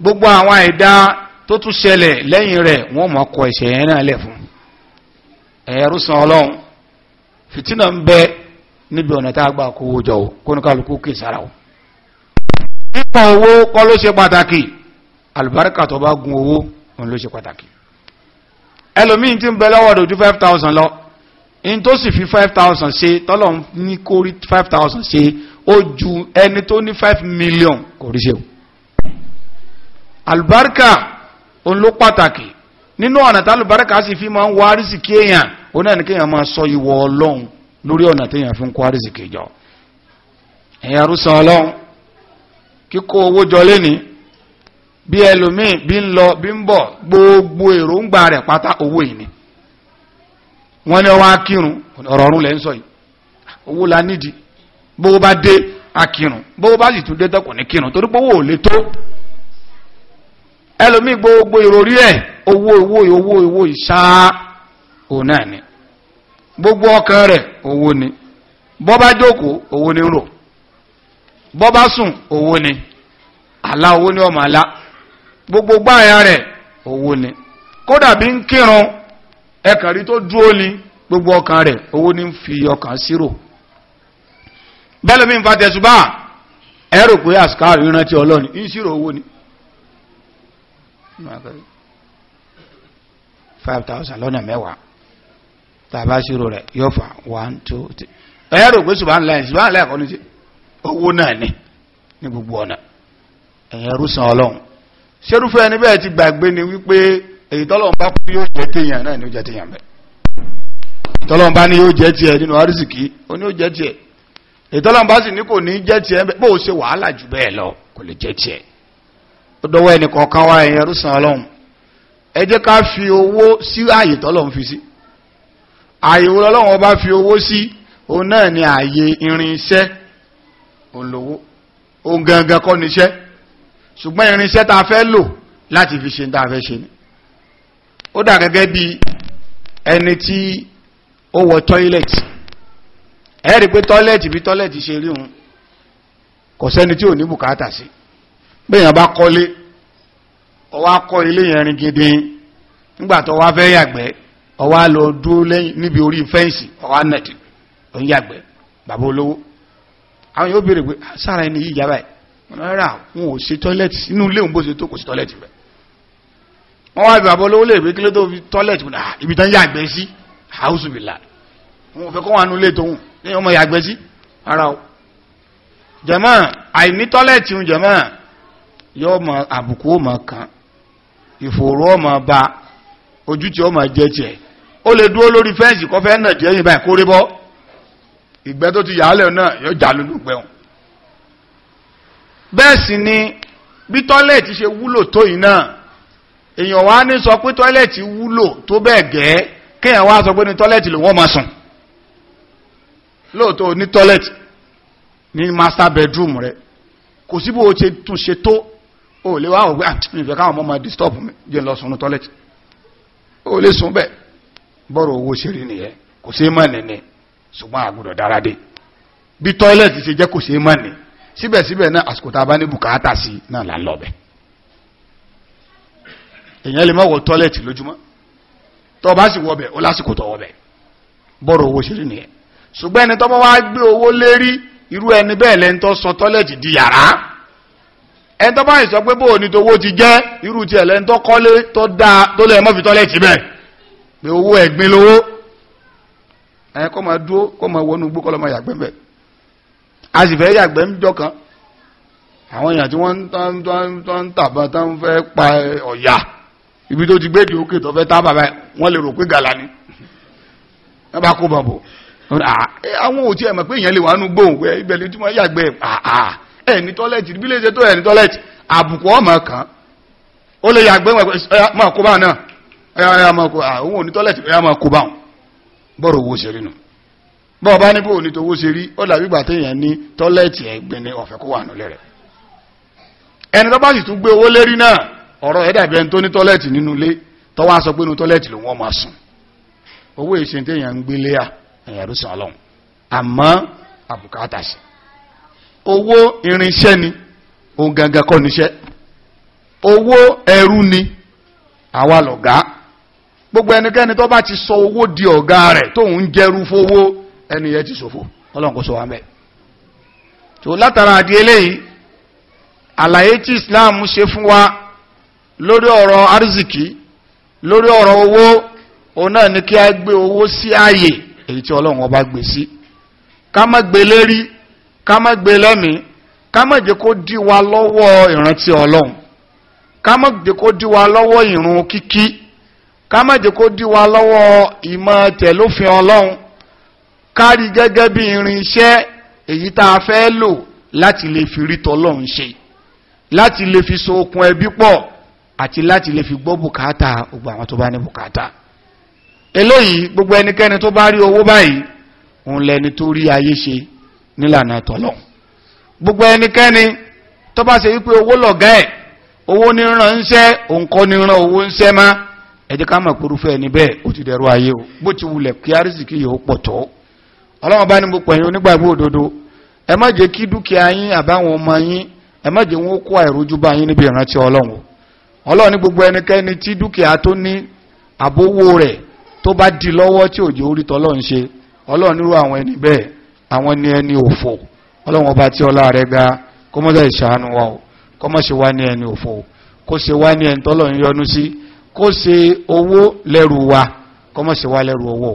gbogbo àwọn àìdá tó tún ṣẹlẹ̀ lẹ́yìn rẹ̀ wọ́n mọ̀ kọ ẹ̀ṣẹ̀ yẹn náà lẹ̀ fún san fìtínà ń bẹ níbi ọ̀nà tá a gbà kówó jọ o kó ní kálukú kì í sára o. nípa owó kọ́ ló ṣe pàtàkì àlùbáríkà tó bá gun owó òun ló ṣe pàtàkì. ẹlòmíín ti ń bẹ lọ́wọ́ dojú five lọ in tó sì fi five ṣe tọ́lọ̀ ní kó rí five ṣe ó ju ẹni tó ní five million kò rí ṣe o. àlùbáríkà òun ló pàtàkì nínú ọ̀nà tá àlùbáríkà sì fi máa ń wá rísìkí èèyàn ó náà ní kéèyàn máa sọ ìwọ ọlọ́run lórí ọ̀nà téèyàn fi ń kó ẹ̀yà rúsan ọlọ́run kíkó owó jọ ní bí ẹlòmíì bí ń lọ bí ń bọ̀ gbogbo èròǹgbà rẹ̀ pátá owó ìní wọ́n ní ọwọ́ akírun lẹ́ ń sọ yìí owó la nídìí bá dé akírun bá sì tún dé tọkùn ní kírun torí pé owó ò gbogbo ìròrí owó owó owó owó òun náà ni gbogbo ọkàn rẹ owó ni bọ́ bá jókòó owó ni rò bọ́ bá sùn owó ni àlá owó ni ọmọ àlá gbogbo gbáàyà rẹ owó ni kódà bí ń kírun ẹkàrí tó dúó ni gbogbo ọkàn rẹ owó ni ń fi ọkàn sírò bẹ́lẹ̀mí ń fa tẹ̀sùbá ẹ̀rò pé àsìkáàrí rántí ọlọ́ni ń sírò owó ni 5000 lọ́nà mẹ́wàá tàbá ṣírò rẹ̀ yóò fà one two three ẹ̀yà rò pé subhanallah subhanallah kọ́ ní ti owó náà ní ní gbogbo ọ̀nà ẹ̀yà rúsan ọlọ́run ṣerúfẹ́ ẹni bẹ́ẹ̀ ti gbàgbé ni wípé èyí yóò jẹ́ téèyàn náà ni ó jẹ́ téèyàn bẹ́ẹ̀ tọ́lọ́run bá ní yóò jẹ́ tiẹ̀ nínú àrísìkí ó ní yóò jẹ́ tiẹ̀ èyí tọ́lọ́run bá sì ní kò ní jẹ́ tiẹ̀ bó o ṣe wàhálà jù bẹ́ẹ̀ lọ kò lè jẹ́ tiẹ̀ ó dọwọ́ ẹnì kọ̀ọ̀kan wá ẹ̀yà rúsan ọlọ́run ẹ jẹ́ ká fi owó sí ààyè tọ́lọ́run fi ààyè wo lọ́wọ́ bá fi owó sí òun náà ni ààyè irinṣẹ́ olówó òun gangan kọ́ níṣẹ́ ṣùgbọ́n irinṣẹ́ tá a fẹ́ lò láti fi ṣe tá a fẹ́ ṣe ni ó dà gẹ́gẹ́ bí ẹni tí ó wọ tọ́ílẹ̀tì ẹ rí pé tọ́ílẹ̀tì bí tọ́ílẹ̀tì ṣe rí òun kò sẹ́ni tí ò ní bùkátà sí bẹ́yàn bá kọ́lé ó wá ilé yẹn rin gidi nígbà tó wá fẹ́ yàgbẹ́ ọwá lọ dúró lẹ́yìn níbi orí fẹ́ǹsì ọwá nẹ̀tì òun yàgbẹ́ bàbá olówó àwọn yóò béèrè pé ah, sára ẹni yìí yàbá ẹ̀ rárá wọn ò ṣe tọ́lẹ̀tì sínú ilé òun bó ṣe tó kò sí tọ́lẹ̀tì rẹ̀ wọ́n wá bàbá olówó lè rí kílé tó fi tọ́lẹ̀tì ah, ibi tán yàgbẹ́ sí house villa wọn ò fẹ́ kọ́ wọn nú tóun ní ọmọ yàgbẹ́ sí ara o jẹ̀mọ́ àìní tọ́lẹ̀tì ń jẹ̀mọ́ yóò mọ àbùkù ó kan ìfòòró ọmọ ba ojú tí ó jẹ́ tiẹ̀ ó lè dúró lórí fẹ́ǹsì kọ́ fẹ́ nà jẹ́ ìbá ìkórè bọ́ ìgbẹ́ tó ti yàálẹ̀ náà yóò jà lójú gbẹ̀hùn bẹ́ẹ̀ sì ni bí tọ́lẹ̀tì ṣe wúlò tó yìí náà èèyàn wá ní sọ pé tọ́lẹ̀tì wúlò tó bẹ́ẹ̀ gẹ́ kéèyàn wá sọ pé ní tọ́lẹ̀tì lòun máa sùn lóòótọ́ ní tọ́lẹ̀tì ní master bedroom rẹ kò sí bó o ṣe tún ṣe tó o lè wá òwe àti ah, ìfẹ́ káwọn ọmọ máa disturb mi jẹ́ lọ sùn ní tọ́lẹ̀tì o lè sùn bẹ́ẹ̀ bọ́rọ̀ owó ṣe rí nìyẹn kò ṣe mọ́ nìyẹn ṣùgbọ́n àgbọ̀dọ̀ dára dé bí tọ́ílẹ̀tì ṣe jẹ́ kò ṣe mọ́ ni síbẹ̀síbẹ̀ náà àsìkò tá a bá ní bùkátà sí náà là ń lọ bẹ̀ èèyàn lè má wọ tọ́ílẹ̀tì lójúmọ́ tó bá sì wọ bẹ̀ ó lásìkò tó wọ bẹ̀ bọ́rọ̀ owó ṣe rí nìyẹn ṣùgbọ́n ẹni tó wá gbé owó lérí irú ẹni bẹ́ẹ̀ lẹ́ni tó sọ tọ́ílẹ̀tì di yàrá ẹni tó bá yìí sọ pé bóò ni towó ti jẹ́ irú tiẹ̀ lẹ́ni tó kọ́lé tó dáa tó lẹ́ẹ̀ mọ́ fi tọ́ílẹ̀tì bẹ́ẹ̀ pé owó ẹ̀gbin lówó ẹ̀ kọ́ máa dúó kọ́ máa wọnú gbó kọ́ lọ́ máa yàgbẹ́ bẹ̀ a sì fẹ́ yàgbẹ́ ń jọ kan àwọn èèyàn tí wọ́n ń tàbá tó ń fẹ́ pa ọ̀yà ibi tó ti gbé di òkè tó fẹ́ tá bàbá wọ́n lè rò pé gàlá ni wọ́n bá kó bàbò àwọn òtí ẹ̀mọ̀ pé èèyàn lè wà nú gbóhùn pé ibẹ̀ lè tí yàgbẹ́ ẹni tọ́lẹ̀tì bí lè ṣe tó ẹni tọ́lẹ̀tì àbùkù ọmọ kan ó lè yàgbẹ́ mọ̀ kó bá náà ẹ̀yà ẹ̀yà máa kó àwọn ah, onítọ́lẹ̀tì ẹ̀yà máa kó bá wọn bọ́rọ̀ owó ṣe rí nù bọ́ọ̀ bá níbò ní towó ṣe rí ó dàbí gbà téèyàn ní tọ́lẹ̀tì ẹ̀gbin ni ọ̀fẹ́ kó wà nílẹ̀ rẹ̀ ẹni tó bá sì tún gbé owó lérí náà ọ̀rọ̀ ẹ̀ dàbí ẹni tó ní tọ́lẹ̀tì nínú ilé tó wá sọ pé inú tọ́lẹ̀tì ló wọ́n máa sùn owó ìṣe téèyàn ń gbé léyà ẹ̀yà ló sàn ọlọ́run àmọ́ àbùkátà sí owó irinṣẹ́ ni òun gangan kọ́ níṣẹ́ owó ẹrú ni àwa lọ̀gá gbogbo ẹnikẹ́ni tó bá ti sọ owó di ọ̀gá rẹ̀ tóun ń jẹrú fowó ẹni yẹn ti ṣòfò ọlọ́run kò mẹ́ tó látara àdí eléyìí àlàyé tí islam ṣe fún wa lórí ọ̀rọ̀ arzikì lórí ọ̀rọ̀ owó òun náà ni kí a gbé owó sí ààyè èyí tí ọlọ́run ọba gbé sí ká má gbé lérí ká má gbé lẹ́mìí ká má jẹ́ kó dí wa lọ́wọ́ ìrántí ọlọ́run ká má jẹ́ kó dí wa lọ́wọ́ ìrun kíkí ká má jẹ́ kó dí wa lọ́wọ́ ìmọ̀ tẹ̀lófin ọlọ́run kárí gẹ́gẹ́ bí irinṣẹ́ èyí tá a fẹ́ lò láti lè fi rí tọlọ́run ṣe láti lè fi so okun ẹbí pọ̀ àti láti lè fi gbọ́ bùkátà gbogbo àwọn tó bá ní bùkátà eléyìí gbogbo ẹnikẹ́ni tó bá rí owó báyìí òun lẹni tó rí ayé ṣe nílànà tọlọ́run gbogbo ẹnikẹ́ni tó bá ṣe wípé owó lọ̀gá ẹ̀ owó ní ń ṣẹ́ òun kọ́ ní ràn owó ń máa ẹjẹ́ ká mọ̀ kúrúfẹ́ ẹni bẹ́ẹ̀ ó ti dẹ̀rọ ayé o bó ti wulẹ̀ kí arísìkí yóò pọ̀ tọ́ ọlọ́wọ́n bá ní gbogbo ẹ̀yin onígbàgbọ́ òdodo ẹ má jẹ́ kí dúkìá yín àbáwọn ọmọ yín ẹ má jẹ́ wọn ó kó àìrójú bá yín níbi ìrántí ọlọ́run ọlọ́run ní gbogbo ẹnikẹ́ni tí dúkìá tó ní àbówó rẹ̀ tó bá di lọ́wọ́ tí òjò orí tọ́lọ́run ni ẹni òfò ọlọ́run ọba tí ọlá kó ṣe owó lẹ́rù wa kó má ṣe wá lẹ́rù owó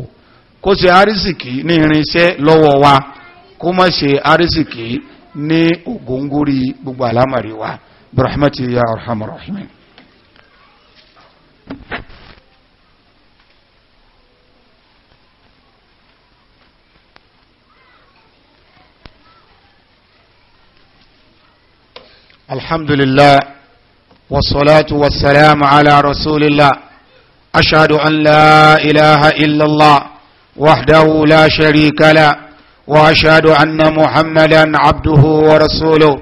kó ṣe arísìkí ní irinṣẹ́ lọ́wọ́ wa kó má ṣe arísìkí ní ògóngórí gbogbo àlámàrí wa birahmati ya arhamar alhamdulillah والصلاة والسلام على رسول الله أشهد أن لا إله إلا الله وحده لا شريك له وأشهد أن محمدا عبده ورسوله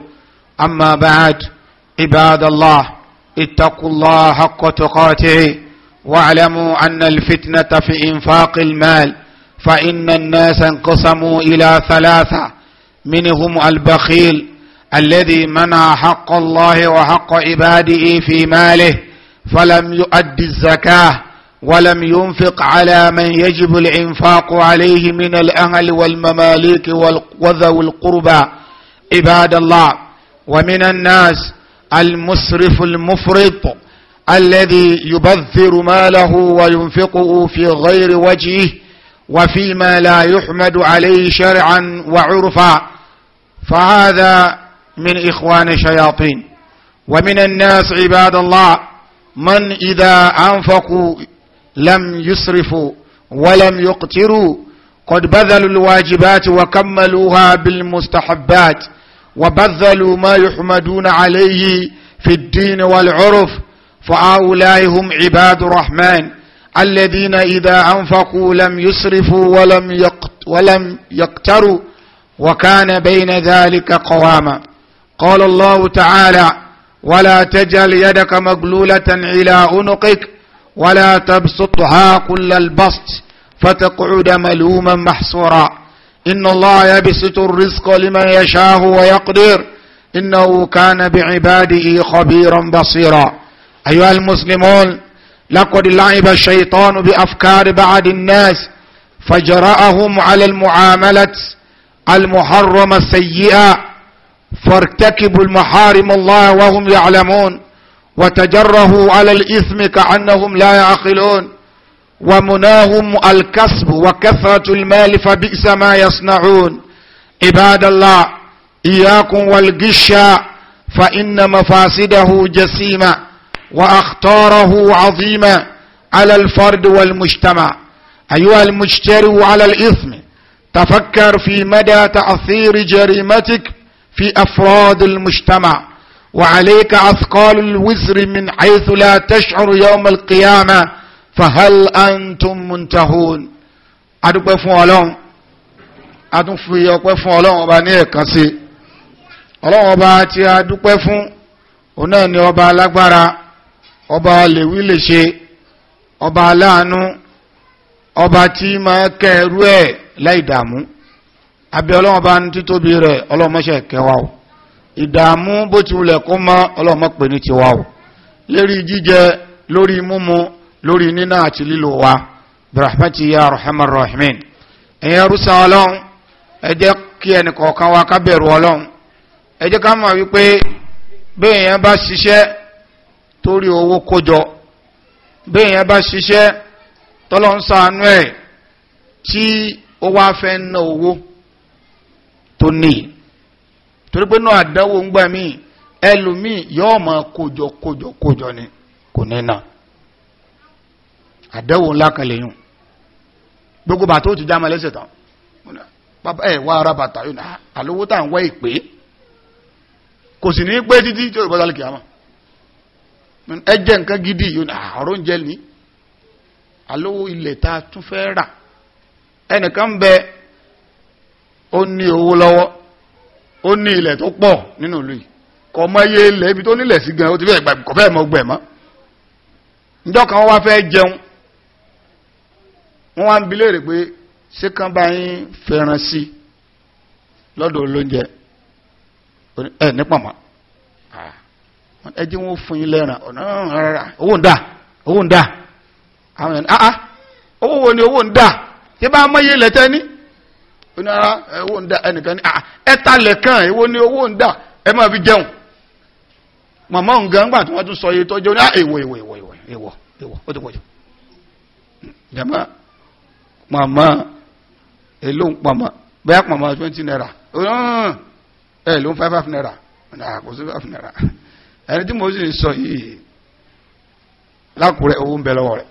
أما بعد عباد الله اتقوا الله حق تقاته واعلموا أن الفتنة في إنفاق المال فإن الناس انقسموا إلى ثلاثة منهم البخيل الذي منع حق الله وحق عباده في ماله فلم يؤد الزكاة ولم ينفق على من يجب الإنفاق عليه من الأهل والمماليك وذوي القربى عباد الله ومن الناس المسرف المفرط الذي يبذر ماله وينفقه في غير وجهه وفيما لا يحمد عليه شرعا وعرفا فهذا من إخوان الشياطين ومن الناس عباد الله من إذا أنفقوا لم يسرفوا ولم يقتروا قد بذلوا الواجبات وكملوها بالمستحبات وبذلوا ما يحمدون عليه في الدين والعرف فهؤلاء هم عباد الرحمن الذين إذا أنفقوا لم يسرفوا ولم يقتروا وكان بين ذلك قواما قال الله تعالى ولا تجعل يدك مغلولة إلى عنقك ولا تبسطها كل البسط فتقعد ملوما محصورا إن الله يبسط الرزق لمن يشاء ويقدر إنه كان بعباده خبيرا بصيرا أيها المسلمون لقد لعب الشيطان بأفكار بعض الناس فجرأهم على المعاملة المحرمة السيئة فارتكبوا المحارم الله وهم يعلمون وتجرهوا على الإثم كأنهم لا يعقلون ومناهم الكسب وكثرة المال فبئس ما يصنعون عباد الله إياكم والقشا فإن مفاسده جسيمة وأخطاره عظيمة على الفرد والمجتمع أيها المجتري على الإثم تفكر في مدى تأثير جريمتك في أفراد المجتمع وعليك أثقال الوزر من حيث لا تشعر يوم القيامة فهل أنتم منتهون adúpẹ́ fún ọlọ́run a tún fi ọpẹ́ fún ọlọ́run ọba ní ẹ̀kan sí ọlọ́run ọba tí a dúpẹ́ fún òun náà ni ọba alágbára ọba lèwí lè ṣe ọba aláàánú ọba tí máa kẹ́ ẹrú ẹ̀ láì dààmú àbí ọlọ́run bá ń títóbi rẹ̀ ọlọ́mọṣẹ́ kẹwàá o ìdààmú bó ti wulẹ̀ kó mọ́ ọlọ́mọ pè ní tiwa o lérí jíjẹ lórí múmu lórí níná àti lílo wa birahmati ya rahman rahimin ẹ̀yẹ rúsan ọlọ́run ẹ jẹ́ kí ẹnì kọ̀ọ̀kan wa ká bẹ̀rù ọlọ́run ẹ jẹ́ ká mọ̀ wípé bẹ́ẹ̀ yẹn bá ṣiṣẹ́ torí owó kójọ bẹ́ẹ̀ yẹn bá ṣiṣẹ́ tọ́lọ́ ń sànú ẹ̀ tí ó wá fẹ́ ná owó tó ní torí pé náà àdánwò ń gbà míì ẹlòmíì yóò máa kójọ kójọ kójọ ni kò ní náà àdánwò ńlá kan lèyìn gbogbo bàtà ó ti já ma lẹ́sẹ̀ tán pápá ẹ̀ wá ara bàtà yóò náà àlówó tá ń wá ìpè kò sì ní pé títí tí ó bá dálé kìámà ẹ jẹ́ nǹkan gidi yóò náà ọ̀rọ̀ ń jẹ́ ní àlówó ilẹ̀ tá tún fẹ́ rà ẹnìkan bẹ́ẹ̀ ó ní owó lọ́wọ́ ó ní ilẹ̀ tó pọ̀ nínú ìlú yìí mọ iye ilẹ̀ ibi tó nílẹ̀ sí gan ó ti fẹ́ gbà fẹ́ mọ gbẹ̀ mọ́ níjọ́ kan wọ́n wá fẹ́ jẹun wọ́n wá ń bi léèrè pé ṣé kán bá yín fẹ́ràn sí lọ́dọ̀ olóúnjẹ ẹ ní pọ̀mọ́ ẹ jẹ́ wọ́n fún yín lẹ́ràn ọ̀nà owó ń dà owó ń oníra ah, ẹwọ́ ń dà ẹnìkan ní ah, ẹta lẹ̀kan ẹwọ́ ní owó ń dà ẹ máa fi jẹun màmá ǹgá ńgbà tí wọ́n tún sọ iye tó jẹun ní ah, èwọ̀ èwọ̀ èwọ̀ èwọ̀ èwọ̀ èwọ̀ ó ti pọ̀jù jama màmá èlò màmá bẹ́ẹ̀ màmá twenty naira hmm, ẹ ló ń five naira kò sí five naira ẹni tí mo sì ń sọ yìí lákùrẹ́ owó ń bẹ lọ́wọ́ rẹ̀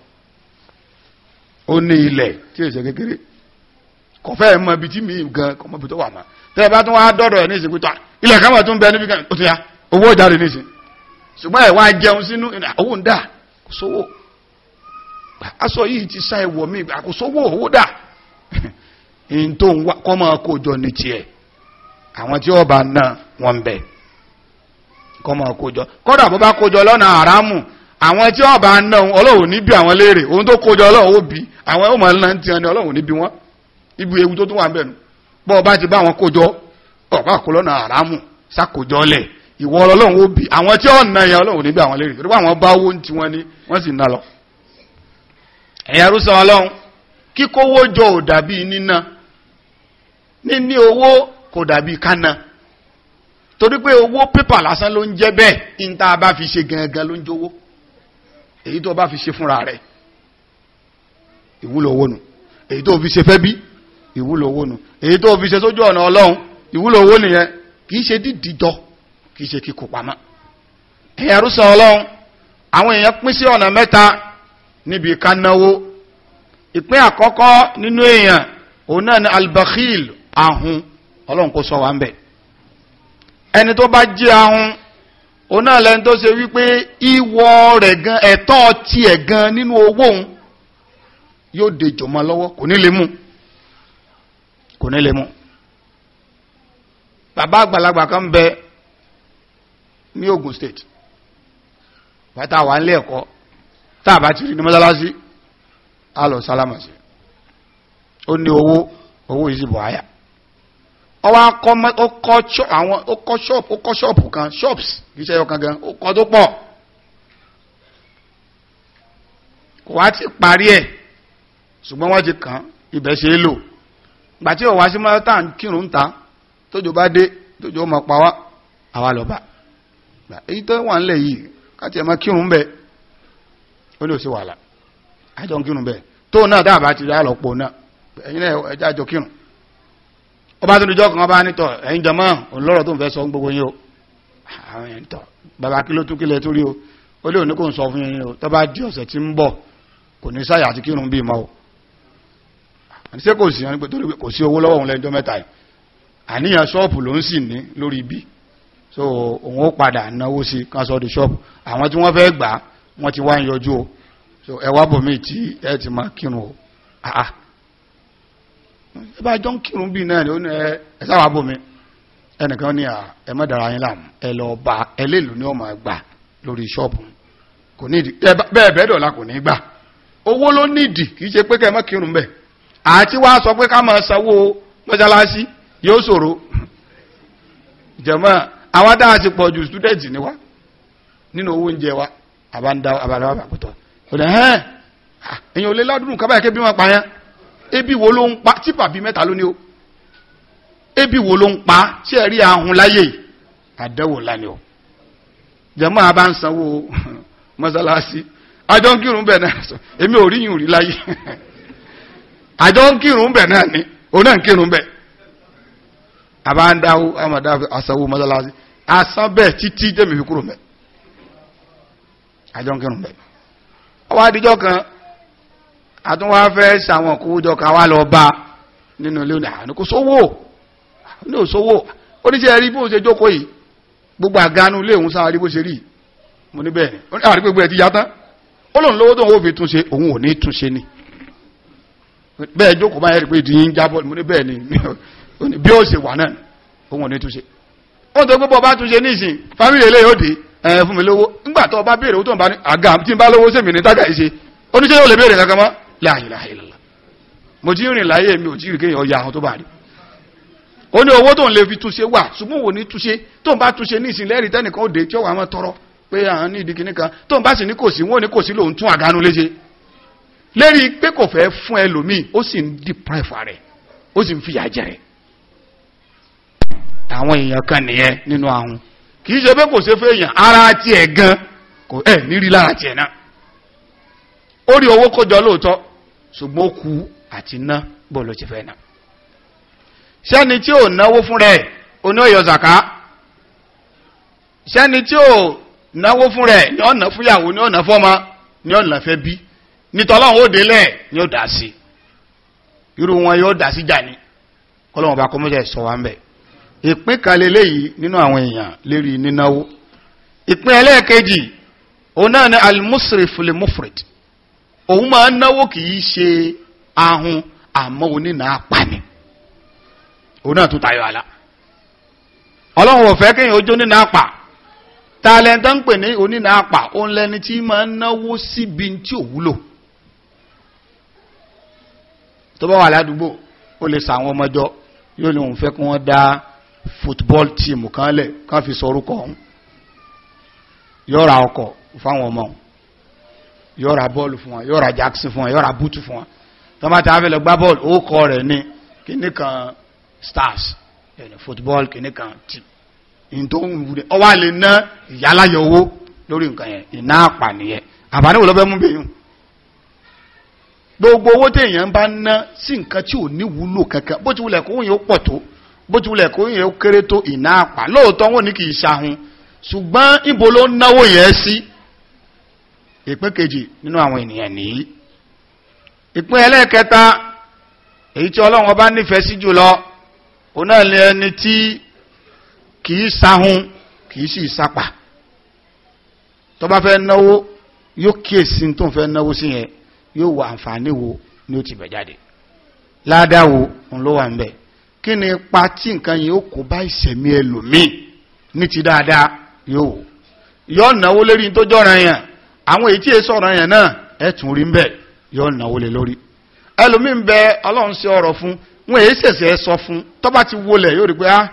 ó ní ilẹ̀ tí èsè kékeré kò fẹ́ ibi tí mi gan kò mọ tó wà mọ́ tẹ́ bá tún wá dọ́dọ̀ ẹ̀ ilẹ̀ kan bẹ níbi kan owó jáde ní ṣùgbọ́n ẹ̀ wá sínú owó ń dà kò sówó aṣọ yìí ti mi dà n tó ń wá ní tiẹ̀ àwọn tí ọba náà wọ́n ń bẹ kọ́dà bó bá lọ́nà àràmù àwọn tí ọba náà ọlọ́run àwọn léèrè tó ibi ewu tó tún wà ń bẹ̀nu bọ́ ọba ti bá àwọn kójọ ọba kó lọ́nà àràmù sákòjọ́ lẹ̀ ìwọ ọlọ́run ó bì àwọn tí ọ̀nà ẹ̀yà ọlọ́run níbi àwọn lérè torípa àwọn bá owó tí wọ́n ní wọ́n sì ná lọ. ẹ̀yà rúsan ọlọ́run kíkówó jọ ò dàbí níná níní owó kò dàbí kánà torí pé owó pépà lásán ló ń jẹ́ bẹ́ẹ̀ níta bá fi ṣe gangan ló ń jówó èyí tó bá fi ṣe fúnra rẹ̀ ìwúlò owó nù èyí tó fi ṣe fẹ́ bí ìwúlò owó nù èyí tó fi ṣe sójú ọ̀nà ọlọ́run ìwúlò owó nìyẹn kì í ṣe dídìjọ kì í ṣe kíkò pamọ́ ẹ̀yà rúṣọ ọlọ́run àwọn èèyàn pín sí ọ̀nà mẹ́ta níbi ká náwó ìpín àkọ́kọ́ nínú èèyàn òun náà ni albakhil ahun ọlọ́run kò sọ wá ń bẹ̀ ẹni tó bá jí ahun òun náà tó ṣe wípé ìwọ rẹ̀ gan ẹ̀tọ́ tiẹ̀ gan nínú owó yóò dejò mọ́ lọ́wọ́ kò ní lè mú un kò ní lè mú bàbá àgbàlagbà kan bẹ ní Ogun State bàtà wà nílé ẹ̀kọ́ tá a bá ti rí ní mọ́sálásí a lọ sálámà sí ó ní owó owó ìsìnbọ̀ àyà ọwọ́ ọkọ̀ ṣọ́ọ̀pù ọkọ̀ ṣọ́ọ̀pù kan ṣọ́ọ̀pù kìí ṣe ọkàn gan ọkọ̀ tó pọ̀ kò wá ti parí ẹ̀ ṣùgbọ́n wọ́n ti kàn ibẹ̀ ṣe é lò gbàtí ọ̀wá sí mọ́tà kírun ta tójò bá dé tójò mọ̀ pa wá àwa lọ bá èyí tó wà nílẹ̀ yìí káti ẹ̀mọ́ kírun bẹ́ẹ̀ ó lè sí wàhálà àjọ kírun bẹ́ẹ̀ tó náà dáàbà ti rí àlọ́pọ̀ náà ẹ̀yin ẹ̀já àjọ kírun ó bá tó dojọ́ kan bá nítọ̀ ẹ̀yin jọmọ́ òǹlọ́rọ̀ tó ń fẹ́ sọ gbogbo yín o àwọn ẹ̀yìn tọ̀ bàbá kí ló tún kílẹ̀ tó rí o ó lè òní kò ń sọ fún yín o tó bá di ọ̀sẹ̀ tí ń bọ̀ kò ní sáyà àti kírun bíi mọ́ o àníṣe kò sí torí kò sí owó lọ́wọ́ òun lẹ́jọ́ mẹ́ta yìí àníyàn ṣọ́ọ̀pù ló ń sì ní lórí ibi so òun ó padà náwó sí kánsọ́ọ̀dù ṣọ́ọ̀pù àwọn tí wọ́n fẹ́ gbà wọ́n ti wá ń yọjú o so ẹwà bòmí tí ẹ ti máa kírun o àà ẹ bá jọ ń kírun bí náà ní ẹ sáwà bòmí ẹnìkan ní à ẹ má yín láàmú ẹ lọ bá ẹ léèlú ni ó máa gbà lórí ṣọ́ọ̀pù kò nídìí bẹ́ẹ̀ bẹ́ẹ̀ dọ̀la kò ní gbà owó ló nídìí kì í ṣe pé kẹ́ ẹ má kírun bẹ́ẹ̀ àti wá sọ pé ká máa sanwó mọ́sálásí yóò ṣòro jẹ̀mọ́ àwọn dáa ti pọ̀ ju student ni wá nínú owó oúnjẹ wa àbádáwà pàpọ̀tọ̀ ọ̀dẹ̀ ẹ̀hẹ́n èyàn ò lè ládùnú kábàá ẹ̀kẹ́ bí wọ́n pa yẹn ebi wo ló ń pa tí bàbí mẹ́ta ló o ebi wo ló ń pa tí ẹ̀rí ahun láyè àdẹ́wò lánìí o jẹ̀mọ́ àbá ń sanwó mọ́sálásí ajọ́ ń kírun bẹ́ẹ̀ náà èmi ò ríyìn rí láyé àjọ ń kírun bẹ̀ náà ni òun náà ń kírun bẹ̀ àbá ń dáwó àmàdá àsanwó mọ́sálásí àsan bẹ́ẹ̀ títí jẹ́mi fi kúrò mẹ́ àjọ ń kírun bẹ̀ ọwọ́ adijọ́ kan àtúnwá fẹ́ sàwọn kówójọ ká wá lọ bá nínú ilé òní kò sówó ní ò sówó ó ní ṣe rí bó ṣe jókòó yìí gbogbo àgánú ilé òun sáà bó ṣe rí mo ní bẹ́ẹ̀ ni àwọn àdúgbò ẹ̀ ti yá tán ó lòun lówó tó ń wó fi túnṣe òun ò ní túnṣe ni bẹ́ẹ̀ jókòó máa yẹ́rì pé ìdíyìn jábọ̀ mú ní bẹ́ẹ̀ ni bí ó ṣe wà náà ohun ọ̀nà túnṣe wọ́n tó gbogbo ọba túnṣe nísìn fámílì ilé yóò dé ẹ̀yẹn fún mi lówó nígbà tó ọba béèrè tó ń bá ní àga tí ń bá lówó sèmi ní tágà ìṣe oníṣẹ́ yóò lè béèrè kankan mọ́ láàyè láàyè lọ́la mo ti rìn láyé mi ò tí ì kéèyàn ọya àwọn tó bá rí ó lérí pé kò fẹ́ fún ẹlòmíì ó sì ń deprive rẹ̀ ó sì ń fìyà jẹ rẹ̀ tàwọn èèyàn kan nìyẹn nínú àwọn kì í ṣe pé kò ṣe fún èèyàn ara tiẹ̀ gan kò ẹ̀ nírí lára tiẹ̀ náà ó rí owó kójọ lóòótọ́ ṣùgbọ́n ó kú àti ná bọ́ọ̀lù ti fẹ́ náà sẹ́ni tí ò náwó fún rẹ̀ oní ọ̀yọ̀ zàká sẹ́ni tí ò náwó fún rẹ̀ ní ọ̀nà fúyàwó ní ọ̀nà fọ́mọ ní ọ̀nà fẹ́ bí nítọ́lọ́hún ó délẹ̀ ni ó dà sí irú wọn yóò dà sí jà ní kọ́lọ́wọ́n bá kọ́mọ́jà sọ wá ń bẹ̀ ìpín kan lélẹ́yìí nínú àwọn èèyàn lérí nínáwó ìpín ẹlẹ́ẹ̀kejì òun náà ni almusrif le mufrid òun máa ń náwó kì í ṣe ahun àmọ́ onínàá pani òun náà tún tayọ àlá ọlọ́run ò fẹ́ kéèyàn ojú onínàá pa ta lẹ́ńtọ́ ń pè ní onínàá pa òun lẹni tí máa ń náwó síbi tí ò wúlò tó bá wà ládùúgbò ó lè sàwọn ọmọjọ́ yóò ní òun fẹ́ kí wọ́n dá football team kan lẹ̀ kán fi sọ orúkọ ọ̀hún yóò ra ọkọ̀ fáwọn ọmọ ọ̀hún yóò ra bọ́ọ̀lù fún wọn yóò ra jackson fún wọn yóò ra fún wọn tó bá ta fẹ́ gbá bọ́ọ̀lù ó kọ rẹ̀ ní kíní kan stars ẹni football kíní kan team in tó ń wúre ọwá lè ná ìyáláyọ owó lórí nǹkan yẹn ìná àpànìyẹ àbáníwò lọ́bẹ̀ mú bẹ́yùn gbogbo owó téèyàn bá ná sí nǹkan tí ò ní wúlò kankan bó ti wulẹ̀ kó yẹn ó pọ̀ tó bó ti wulẹ̀ kó yẹn ó kéré tó ìná àpá lóòótọ́ wọn ní kì í ṣahun ṣùgbọ́n ibo ló ń náwó yẹn sí ìpín kejì nínú àwọn ènìyàn nìyí ìpín ẹlẹ́ẹ̀kẹta èyí tí ọlọ́run ọba nífẹ̀ẹ́ sí jùlọ òun náà lé ẹni tí kì í ṣahun kì í sì sápà tó bá fẹ́ náwó yóò kíyèsí tó ń fẹ́ náwó sí yẹn yóò wà àǹfààní wo ni ó ti bẹ̀ jáde ládàá wo òun ló wà ń bẹ̀ kí ni ipa tí nǹkan yìí ó kó bá ìṣẹ̀mí ẹlòmíì ní ti dáadáa yóò wò yóò náwó lórí tó jọ̀ràn yẹn àwọn èyí tí èyí sọ̀rọ̀ yẹn náà ẹ̀ tún rí ń bẹ̀ yóò náwó lé lórí ẹlòmíì ń bẹ ọlọ́run ṣe ọ̀rọ̀ fún wọn èyí ṣẹ̀ṣẹ̀ sọ fún tó bá ti wọlẹ̀ yóò rí pé ah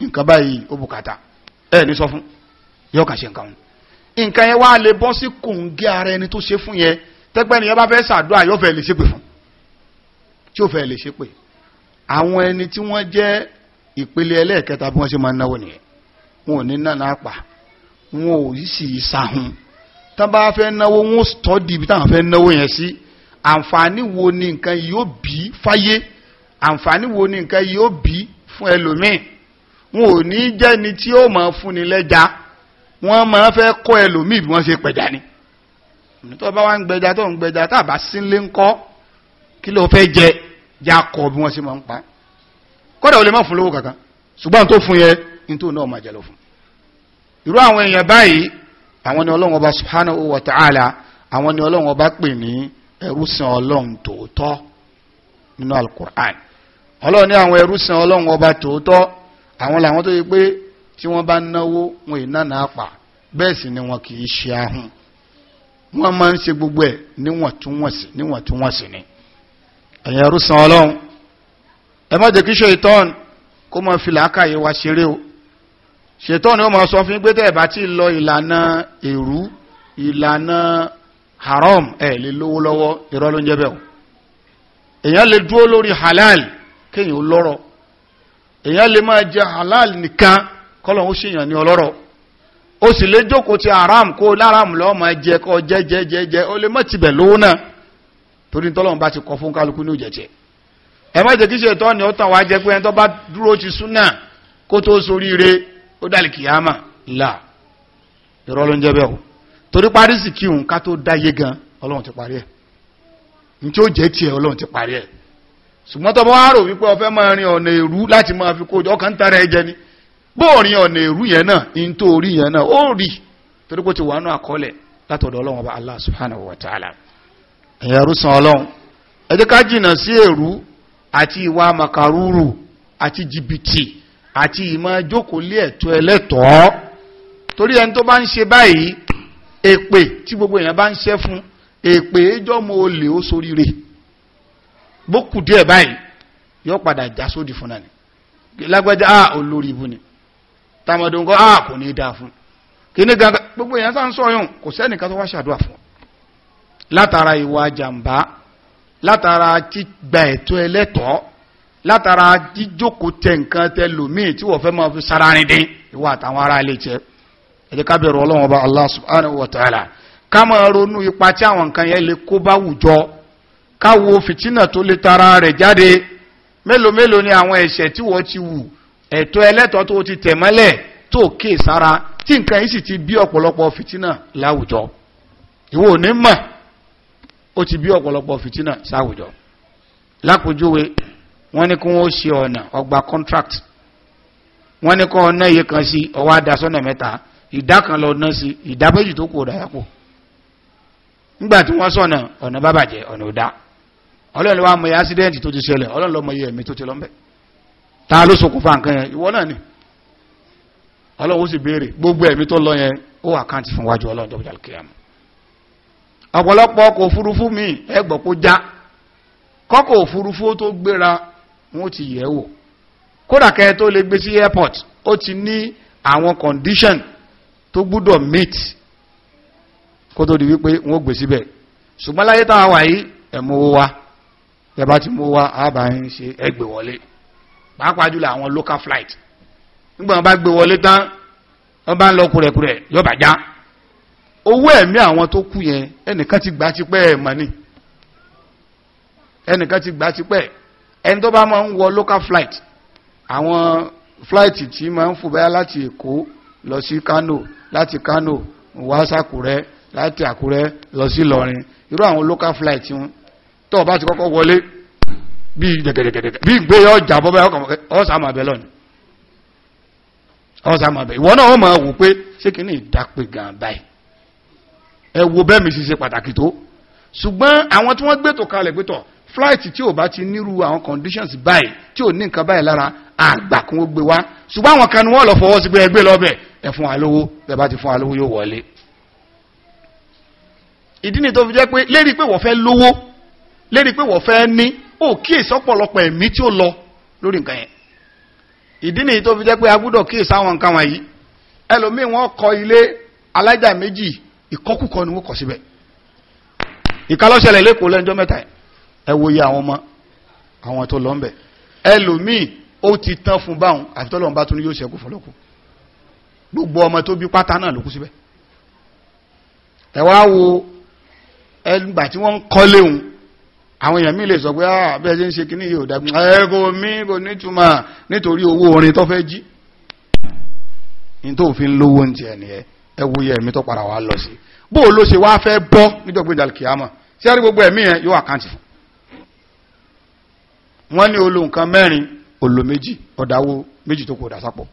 nǹkan báyìí ó bùkátà ẹ̀ ní sọ fún yóò kà ṣe nǹkan nǹkan yẹn wá lè bọ́ sí ara ẹni tó ṣe fún yẹn tẹ́pẹ́ ni ọba fẹ́ sàdúrà yóò fẹ́ lè ṣépè fún tí ó fẹ́ lè ṣépè àwọn ẹni tí wọ́n jẹ́ ìpele ẹlẹ́ẹ̀kẹta bí wọ́n ṣe máa náwó nìyẹn wọn ò ní náà náà pa wọn ò sì sàhun tán bá fẹ́ náwó wọn stọ́dì ibi táwọn fẹ́ náwó yẹn sí àǹfààní wo ni nǹkan yóò bí fáyé àǹfààní wo ni nǹkan yóò bí fún ẹlòmíì wọn ò ní jẹ́ni tí ó máa fúnni lẹ́jà wọ́n máa fẹ́ kọ́ ẹlòmíì bí wọ́n ṣe pẹ̀já tó bá wá ń gbẹja tó ń gbẹja tá a bá sínlé ńkọ́ kí ló fẹ́ jẹ já kọ bí wọ́n sì máa ń pa kódà ò lè má fún lówó kankan ṣùgbọ́n tó fún yẹ nítorí náà máa jẹ lọ fún irú àwọn èèyàn báyìí àwọn ni ọlọ́run ọba subhanahu wa ta'ala àwọn ni ọlọ́run ọba pè ní ẹrúsìn ọlọ́run tòótọ́ nínú alukur'an ọlọ́run ní àwọn ẹrúsìn ọlọ́run ọba tòótọ́ àwọn làwọn tó yẹ pé tí wọ́n bá náwó wọn ì ni wọn kì wọ́n máa ń ṣe gbogbo ẹ̀ níwọ̀ntúnwọ̀nsì ni ẹ̀yin ẹrú san ọlọ́run ẹ má jẹ́ kí ṣètọ́n kó máa fi làákàyè wa ṣeré o ṣètọ́n ni ó máa sọ fún pé tẹ́ bá ti lọ ìlànà èrú ìlànà haram ẹ̀ lè lówó lọ́wọ́ irọ́ ló ń jẹ́ bẹ́ẹ̀ lè dúró lórí halal kéèyàn ó lọ́rọ̀ èèyàn halal nìkan kọ́lọ̀ ó ṣèyàn ní o sì lè jókòó ti aram kó láram lọ́mọ ẹjẹ kọ o lè je tibẹ̀ lówó náà torí tọ́lọ́run bá ti kọ fún kálukú ní òjẹ̀jẹ́ ẹ má jẹ́ kí ṣe tọ́ ni ó tàn wá jẹ́ pé ẹni tó bá dúró ti súnà kó tó soríire ó dàlì kìyàmà là ìrọ́ ló ń jẹ́ bẹ́ẹ̀ o torí parí sì kí òun ká tó gan ọlọ́run ti parí ẹ̀ ó jẹ́ tiẹ̀ ọlọ́run ti parí ẹ̀ ṣùgbọ́n bá wá rò wípé o fẹ́ máa rin fi kó ọkàn tara ẹ bóòrin ọ̀nà èrú yẹn náà in tó orí yẹn náà ó rí torí ti wà àkọọ́lẹ̀ látọ̀dọ̀ ọlọ́run ọba allah subhanahu wa ta'ala ẹ̀yà rúsan ọlọ́run ẹ jẹ́ ká jìnnà sí èrú àti ìwà makarúrù àti jìbìtì àti ìmọ̀ jókòólé ẹ̀tọ́ ẹlẹ́tọ̀ọ́ torí ẹni tó bá ń ṣe báyìí èpè tí gbogbo èèyàn bá ń ṣẹ́ fún èpè éjọ́mọ olè ó soríire bó kù díẹ̀ báyìí yóò padà já sódì fún náà ni lágbájá ah, olórí ibu tàmọ̀dún kọ́ ah kò ní dáa fún kíní gangan gbogbo èèyàn sá ń sọ yóò kò sẹ́nìkan tó wá ṣàdúrà fún látara ìwà jàǹbá látara gbígba ẹ̀tọ́ ẹlẹ́tọ̀ọ́ látara jíjókòó tẹ nǹkan tẹ lòmíì tí wọ́n fẹ́ máa fi sára rìn dín ìwà àtàwọn ará ilé jẹ́ ẹ jẹ́ ká bẹ̀rù ọlọ́run ọba allah subhanahu wa ta'ala ká máa ronú ipa tí àwọn nǹkan yẹn lè kó bá wùjọ ká wo fìtínà tó lè tara rẹ̀ jáde mélòó mélòó ni àwọn ẹ̀ṣẹ̀ tí wọ́n ti wù ẹ̀tọ́ ẹlẹ́tọ́ tó ti tẹ̀mọ́lẹ̀ tó kè sára tí nǹkan yìí sì ti bí ọ̀pọ̀lọpọ̀ fìtínà láwùjọ ìwò ní mọ̀ ti bí ọ̀pọ̀lọpọ̀ fìtínà sáwùjọ lápòjúwe wọ́n ní kí wọ́n ṣe ọ̀nà ọgbà contract wọ́n ní kọ́ ọ̀nà iye kan sí ọwọ́ adásọ́nà mẹ́ta ìdá kan lọ sí ìdá méjì tó kù nígbà tí wọ́n sọ̀nà ọ̀nà ọ̀nà ọ̀dá ọlọ́run accident tó ti ṣẹlẹ̀ ọlọ́run ẹ̀mí tó ti ta ló ṣokùnfà nǹkan yẹn ìwọ náà ni ọlọ́run ó sì béèrè gbogbo ẹ̀mí tó lọ yẹn ó àkáǹtì fún wájú ọlọ́run dọ́bìjà ọ̀pọ̀lọpọ̀ ọkọ̀ òfurufú mi ẹgbọ̀ kó já kọ́kọ̀ òfurufú tó gbéra wọ́n ti yẹ̀ wò kódà kẹ́ tó lè gbé sí airport ó ti ní àwọn condition tó gbúdọ̀ meet kó tó di wípé wọ́n gbé síbẹ̀ ṣùgbọ́n láyé táwa wà yìí ẹ̀mú wa ẹ bá ti mú wa àbáyín ṣe ẹgbẹ̀ wọlé pàápàá jùlọ àwọn local flight nígbà wọn bá gbé wọlé tán wọn bá ń lọ kúrẹ̀kúrẹ̀ yọba já owó ẹ̀mí àwọn tó kú yẹn ẹnìkan ti gbà tipẹ́ ẹ̀ mọ́ ni ẹnìkan ti gbà tipẹ́ ẹni tó bá máa ń wọ local flight àwọn flight tí máa ń fò báyà láti Èkó lọ sí Kano láti Kano wá sàkúrẹ́ láti Àkúrẹ́ lọ sí Ìlọrin irú àwọn local flight wọn tó o bá ti kọ́kọ́ wọlé bí gẹ̀gẹ̀gẹ̀gẹ̀ bí gbé ọjà bọ́bá ọ̀sàmàbẹ̀ lọ́nà ọ̀sàmàbẹ̀ ìwọ náà wọ́n máa wò pé ṣé kí ní ìdápé gan báyìí ẹ wo bẹ́ẹ̀mì sí ṣe pàtàkì tó ṣùgbọ́n àwọn tí wọ́n gbé tó kalẹ̀ pé tọ̀ flight tí ò bá ti nírú àwọn conditions báyìí tí ò ní nǹkan báyìí lára àgbà kún ó gbé wá ṣùgbọ́n àwọn kan ni wọ́n lọ fọwọ́ sí pé ẹgbẹ́ lọ́bẹ̀ ẹ fún wa lówó bẹ́ẹ̀ bá ti fún wa lówó yóò wọlé ìdí ni tó fi jẹ́ pé lérí pé wọ́n fẹ́ lówó lérí pé wọ́n fẹ́ ní ó kíyèsí ọ̀pọ̀lọpọ̀ ẹ̀mí tí ó lọ lórí nǹkan yẹn ìdí nìyí tó fi jẹ́ pé a gbọ́dọ̀ kíyèsí àwọn nǹkan wọ̀nyí ẹlòmíì wọ́n kọ́ ilé alájà méjì ìkọ́kùkọ ni wọ́n kọ́ síbẹ̀ ìkálọ́ṣẹlẹ̀ lẹ́kọ̀ọ́ lẹ́jọ́ mẹ́ta ẹ wo iye àwọn ọmọ àwọn tó lọ ń bẹ̀ ẹlòmíì ó ti tán fún báwọn àti tọ́lọ́run bá tún ẹ wá wo ẹgbà tí wọ́n ń kọ́ léhun àwọn èèyàn mi lè sọ pé ah bẹ́ẹ̀ ṣe ń ṣe kíní yóò dàgbà ẹ kò mí kò nítumọ̀ nítorí owó orin tó fẹ́ jí ní tó fi ń lówó ní tiẹ̀ nìyẹn ẹ wo iye ẹ̀mí tó padà wá lọ sí bó o ló ṣe wá fẹ́ bọ́ níjọba ìdàlù kìámọ̀ sí àrí gbogbo ẹ̀mí yẹn yóò àkáǹtì fún wọ́n ní olo nǹkan mẹ́rin olo méjì ọ̀dàwó méjì tó kò dà sápọ̀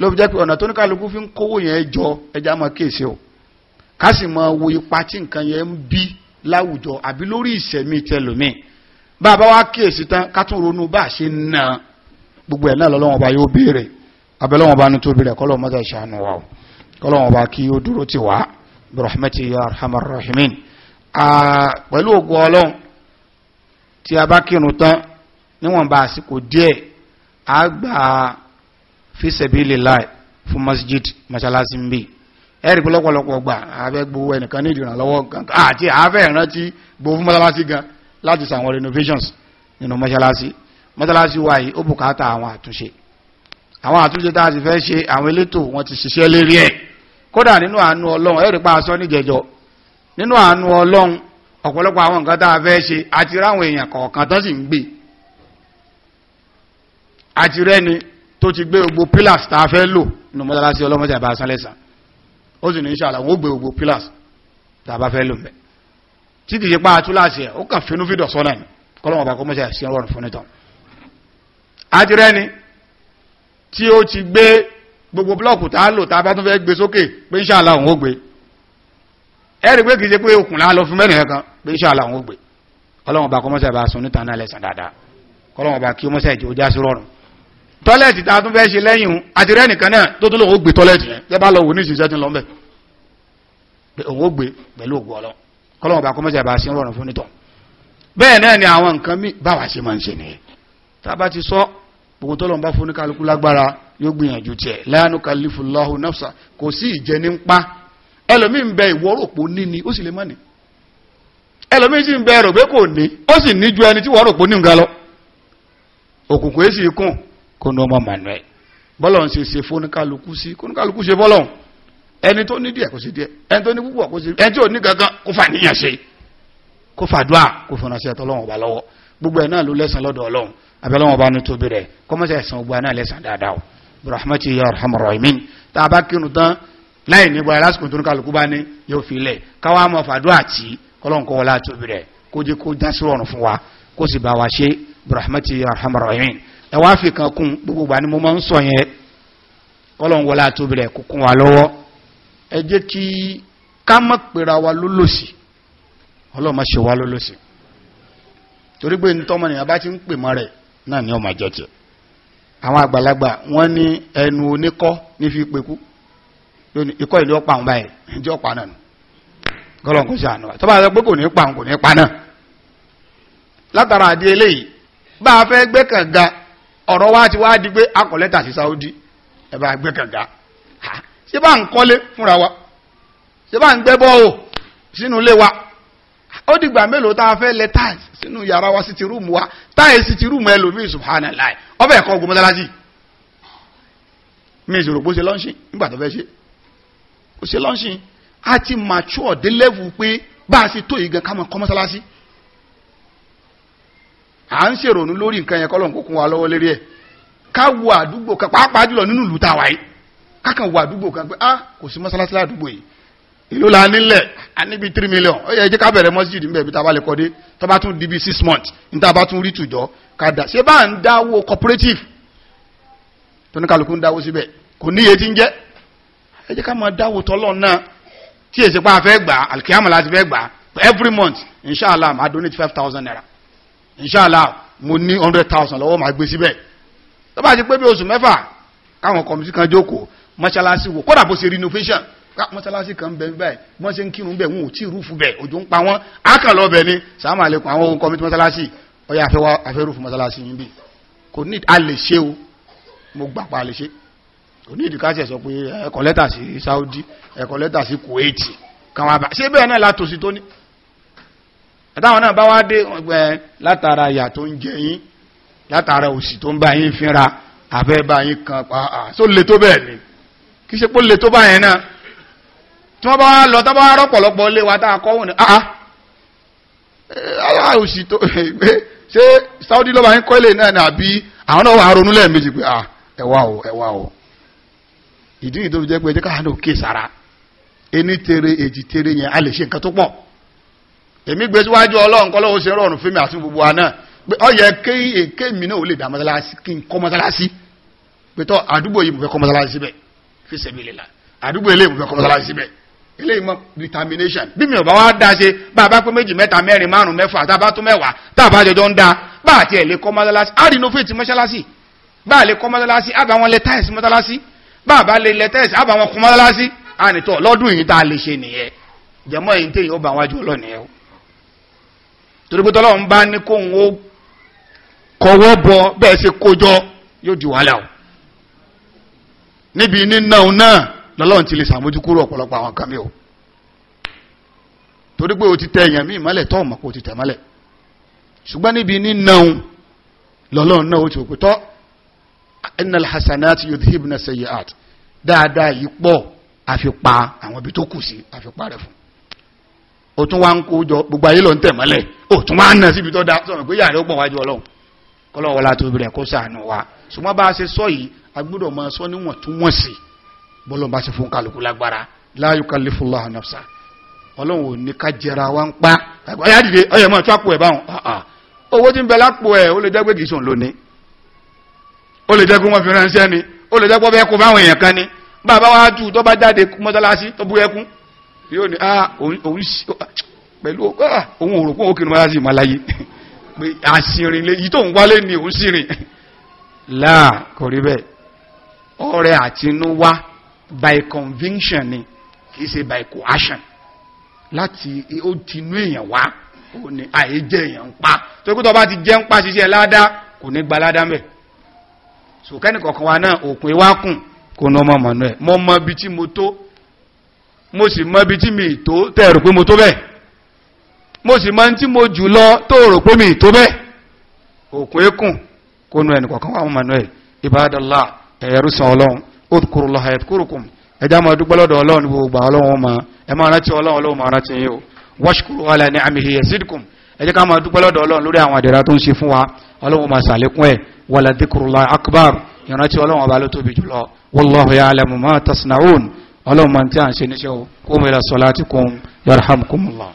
ló fi jẹ́ pé ọ̀nà tó ní kálukú fi ń kówó yẹn jọ ẹja máa kéèsì o ká wo ipa tí nǹkan yẹn ń bí láwùjọ àbí lórí ìṣẹ̀mí tẹlòmí bá a bá wá kíyèsí tán ká tún ronú bá a ṣe ń na gbogbo ẹ̀ náà lọ́lọ́wọ́n bá yóò béèrè abẹ́lọ́wọ́n bá ní tó béèrè kọ́lọ́ mọ́tà ìṣàánú wa kọ́lọ́wọ́n bá kí ó dúró ti wá birahmati ya arhamar rahimin pẹ̀lú ògùn ọlọ́run tí a bá kírun tán níwọ̀nba àsìkò díẹ̀ a gbà fi sabilillah fún masjid masalasi ń ẹ̀rì pọ̀lọpọ̀lọpọ̀ gbà àfẹ́ gbowó ẹnìkan ní ìdìrànlọ́wọ́ gan àti àfẹ́ ìrántí gbowó fún mọ́sálásí gan láti sàwọn renovations nínú mọ́sálásí mọ́sálásí wa yìí ó bùkátà àwọn àtúnṣe àwọn àtúnṣe tá a sì fẹ́ ṣe àwọn elétò wọn ti ṣiṣẹ́ lérí ẹ̀ kódà nínú àánú ọlọ́run ẹ̀rì pa aṣọ níjẹjọ nínú àánú ọlọ́run ọ̀pọ̀lọpọ̀ àwọn nǹkan tá a fẹ́ ṣe àti ráwọn èèyàn kọ̀ọ̀kan tó sì ń gbé àti rẹ́ni tó ti gbé gbogbo pílàs tá a fẹ́ lò nínú mọ́sálásí ọlọ́mọdé àbá ó sì ní ìṣàlà wọ́n gbé gbogbo pillars tàbá fẹ́ lò mẹ́ tí kìí pa àtúláṣì ẹ̀ ó kàn finú fídọ̀ sọ́nà ní kọ́lọ́mọ̀ bá kọ́ mọ́ṣẹ́ sí ọrọ̀ fún nítàn àti rẹ́ni tí ó ti gbé gbogbo blọ́ọ̀kù tá lò tàbá tún fẹ́ gbé sókè pé ìṣàlà òun ó gbé ẹ̀rì pé kìí ṣe pé okùn lá lọ fún mẹ́rin kan pé ìṣàlà òun ó gbé kọ́lọ́mọ̀ bá kọ́ mọ́ṣẹ́ bá sun nítàn náà tọ́lẹ̀tì tá a tún fẹ́ ṣe lẹ́yìn àti nìkan náà tó lọ ń lọ gbé pẹ̀lú ọlọ́ bá kọ́mọ́sẹ̀ bá ṣe ń rọrùn fún nítọ̀ bẹ́ẹ̀ náà ni àwọn nǹkan mí ṣe máa ń ṣe nìyẹn tá a ti sọ gbogbo tọ́lọ́ bá fún oníkálukú lágbára yóò gbìyànjú tiẹ̀ la nukallifu Allahu nafsa kò sí ìjẹni ń pa ẹlòmíín bẹ ìwọ́rọ̀pọ̀ níní ó kó ní ọmọ manuel bọ́lọ̀ ń ṣe ṣe fóníkálukú sí kóníkálukú ṣe bọ́lọ̀ ẹni tó ní díẹ̀ kó ṣe díẹ̀ ẹni tó ní púpọ̀ kó ṣe ẹni tí ò ní gangan kó fà níyàn ṣe kó fàdúà kó fọnà sí ẹ̀tọ́ Ọlọ́run ọba lọ́wọ́ gbogbo ẹ̀ náà ló lẹ́sàn lọ́dọ̀ Ọlọ́run abẹ́lọ́wọ́n ọba ní tóbi rẹ̀ kọ́mọ́sẹ̀ ẹ̀sán gbogbo náà lẹ́sàn dáadáa o rahmatu ya arhamar rahimin tá a bá kírun tán láì ní gbọ́dọ̀ lásìkò tó ní kálukú bá ní yóò fi lẹ̀ káwá mọ̀ fàdúà tí Ọlọ́run kọ́ wọlé àtòbí rẹ̀ kó jẹ́ kó dá sí ọ̀run fún wa kó sì bá wa ṣe rahmatu ya arhamar rahimin ẹ fi kan kún gbogbo gbà mọ mo máa ń sọ yẹn kọ́lọ̀n wọlé àtòbí kúkún wa lọ́wọ́ ẹ jẹ́ kí ká mọ̀ pèrà wa lólòsì ọlọ́mọ ṣe wa lólòsì torí pé bá ti ń pè mọ́ rẹ̀ náà ni ọmọ jẹ́ tiẹ̀ àwọn àgbàlagbà wọ́n ní ẹnu oníkọ́ ní fi ikọ́ ìlú ọ̀pá ọ̀rọ̀ wá ti wá di pé akọ̀lẹ́tà sí Saudi ẹ̀bà gbẹ́ kànga ṣe bá ń kọ́lé fúnra wa ṣe bá ń gbẹ́ bọ́ o sínú ilé wa ó dìgbà mélòó tá a fẹ́ lẹ táì sínú yàrá wa sí ti rúùmù wa táì sí ti rúùmù ẹlòmíì subhanallah ọbẹ̀ ẹ̀kọ́ ogun mọ́tálásì mi ìṣòro pé ó ṣe lọ́ńṣì nígbà tó fẹ́ ṣe ó ṣe lọ́ńṣì á ti mature dé level pé bá a ṣe tó yìí gan ká mọ̀ kọ́ mọ́tálásì à ń ṣèrònú lórí nǹkan yẹn kọ́lọ̀ kókun wa lọ́wọ́ lérí ẹ̀ ká wo àdúgbò kan pàápàá jùlọ nínú ìlú tàwa yìí kákan wo àdúgbò kan pé ah kò sí mọ́sálásí ládùúgbò yìí ìlú la nílẹ̀ a níbi three million ó yẹ jẹ́ ká bẹ̀rẹ̀ mọ́síjìdì níbẹ̀ ibi tá a bá lè kọ́ tó bá tún di bí six months ní tá a bá tún rí tùjọ́ ká dà ṣé bá ń dáwó cooperative tóníkàlùkù ń dáwó síbẹ̀ kò níye tí ń jẹ́ ẹ jẹ́ ká máa dáwó tọ́lọ́ náà tí èsì pa àfẹ́ gbà àlùkìyàmù láti fẹ́ gbà every month inshallah máa donate five thousand naira inshallah mo ní hundred thousand lọ́wọ́ máa gbé síbẹ̀ tó bá ti pé bí oṣù mẹ́fà káwọn kọ̀mìtì kan jókòó mọ́ṣáláṣí wò kódà bó ṣe renovation mọ́ṣáláṣí kan bẹ̀ báyìí wọ́n ṣe ń kírun bẹ̀ wọn ò tí ì bẹ̀ òjò ń pa wọ́n ákàlọ́ bẹ̀ ni sàmú àlekún àwọn ohun kọ̀mìtì mọ́ṣáláṣí ọ̀yà àfẹ́wà àfẹ́rúfù mọ́ṣáláṣí yín bì kò ní a lè ṣe o mo gbà pa a ṣe kò ní ìdíkàṣẹ̀ sọ pé ẹ̀kọ́ lẹ́tà sí Saudi ẹ̀kọ́ lẹ́tà sí Kuwait kan wá bá ṣé bẹ́ẹ̀ náà látòsí tó àtàwọn náà bá wá dé ẹ látara ìyà tó ń jẹ yín látara òsì tó ń bá yín fínra àbẹ́ bá yín kan pa á só le tó bẹ́ẹ̀ ni kí ṣe pó le tó báyẹn náà tí wọ́n bá wá lọ tọ́bá wá rọ́pọ̀lọpọ̀ lé wa táa kọ́wọ́n ní àá ah, ah, ah, òsì tó Saudi yín kọ́ o o ni a èmi gbé síwájú ọlọ́run kọ́ lọ́wọ́ ṣe rọrùn fún mi àti gbogbo wa náà pé ọ yẹ ké èké mi náà ò lè dá mọ́sálásí kí n kọ́ mọ́sálásí pé tọ́ àdúgbò yìí mo fẹ́ kọ́ mọ́sálásí síbẹ̀ fi ṣẹ̀bi lè àdúgbò eléyìí mo fẹ́ kọ́ mọ́sálásí síbẹ̀ eléyìí mọ́ determination bí mi ò bá wá dá ṣe bá a bá pé méjì mẹ́ta mẹ́rin márùn mẹ́fà tá a mẹ́wàá tá jọjọ ń da bá a tiẹ̀ lè kọ́ mọ́sálásí á renovate mọ́sálásí bá a lè kọ́ mọ́sálásí á bá wọn lẹ táìsì mọ́sálásí bá a bá lè lẹ táìsì á bá wọn kọ́ mọ́sálásí á nìtọ́ lọ́dún yìí tá a lè ṣe nìyẹn jẹ́mọ́ èyí téèyàn ó bá wájú ọlọ́ọ̀nìyẹn o torí pé tọ́lọ́run bá ní kóun ó kọwọ́ bọ bẹ́ẹ̀ ṣe kójọ yóò di wàhálà o níbi níná òun náà lọ́lọ́run ti lè ṣàmójúkúrò ọ̀pọ̀lọpọ̀ àwọn kan mi o torí pé o ti tẹ èèyàn mí ìmọ́lẹ̀ tọ́ ọ̀mọ̀ pé o ti tẹ̀ mọ́lẹ̀ ṣùgbọ́n níbi níná òun lọ́lọ́run náà ó ti òkú tọ́ innal hasanati yudhibna sayyi'at dáadáa yìí pọ̀ àfipá àwọn ibi tó kù sí àfipá rẹ̀ fún ó tún wá ń kó jọ gbogbo ayé lọ ń tẹ̀mọ́lẹ̀ ó tún wá ń nà síbi tó dá sọ̀rọ̀ pé yàrá ó pọ̀ wájú ọlọ́run kọ́lọ́wọ́ la tó bẹ̀rẹ̀ kó sàánú wa ṣùgbọ́n bá a ṣe sọ yìí a gbọ́dọ̀ máa sọ níwọ̀n tún wọ̀n sí bọ́lọ̀ bá ṣe fún kálukú lágbára la yukallifullahu nafsa ọlọ́run ò ní ká jẹra wa ń pa ọyá dìde ọyẹ mọ́ tún àpò ẹ̀ báwọn ah, ah. owó tí ń bẹ lápò ẹ̀ ó lè jẹ́ pé kì lónìí ó lè jẹ́ pé wọ́n fi ránṣẹ́ ni ó lè jẹ́ pé wọ́n fẹ́ kó báwọn èèyàn kan ni bàbá wa tù tó bá jáde mọ́sálásí tó bú ẹkún yóò ní ah òun pẹ̀lú ah, òun òrò pé òun kìnnìún máa sì máa pé àṣìrìn lè yí tó ń wálé ni òun ṣìrìn láà kò rí bẹ́ẹ̀ ọ̀rẹ́ àtinúwá by conviction ni kìí ṣe by coercion láti ó tinú èèyàn wá ó ní àyè jẹ́ èèyàn ń pa tó kí tó ti jẹ́ ń pa ṣiṣẹ́ ládá kò ní gba ládá mẹ́ so kẹ́nìkọ̀kan wa náà òpin wákùn kò ní ọmọ mọ̀nà ẹ̀ mọ́ mọ́ bí tí mo tó mo sì mọ ibi tí mi tó tẹ́ rò pé mo tó bẹ́ẹ̀ mo sì mọ tí mo jù lọ tó rò pé mi tó bẹ́ẹ̀ òkú ekùn kó nu ẹnì kọ̀ọ̀kan wà manuel ibadallah ẹ̀rú san ọlọ́run ó kúrò lọ́ha ẹ̀ kúrò kùn ẹ̀dá máa dúpẹ́ lọ́dọ̀ ọlọ́run gbogbo ọlọ́run ma ẹ máa rántí ọlọ́run ọlọ́run máa rántí yín o washkuru ala ni'amihi yasidkum ẹ jẹ́ ká máa dúpẹ́ lọ́dọ̀ ọlọ́run lórí àwọn àdẹ̀rà tó ń ṣe fún wa ọlọ́run máa ṣàlékún ẹ̀ wala dhikrullahi akbar ìrántí ọlọ́run ọba ló tóbi jùlọ wallahu ya'lamu ma tasna'un ọlọ́run máa ń tí à ń ṣe níṣẹ́ o kó mẹ́ra sọ́lá ti kún yarhamkumullah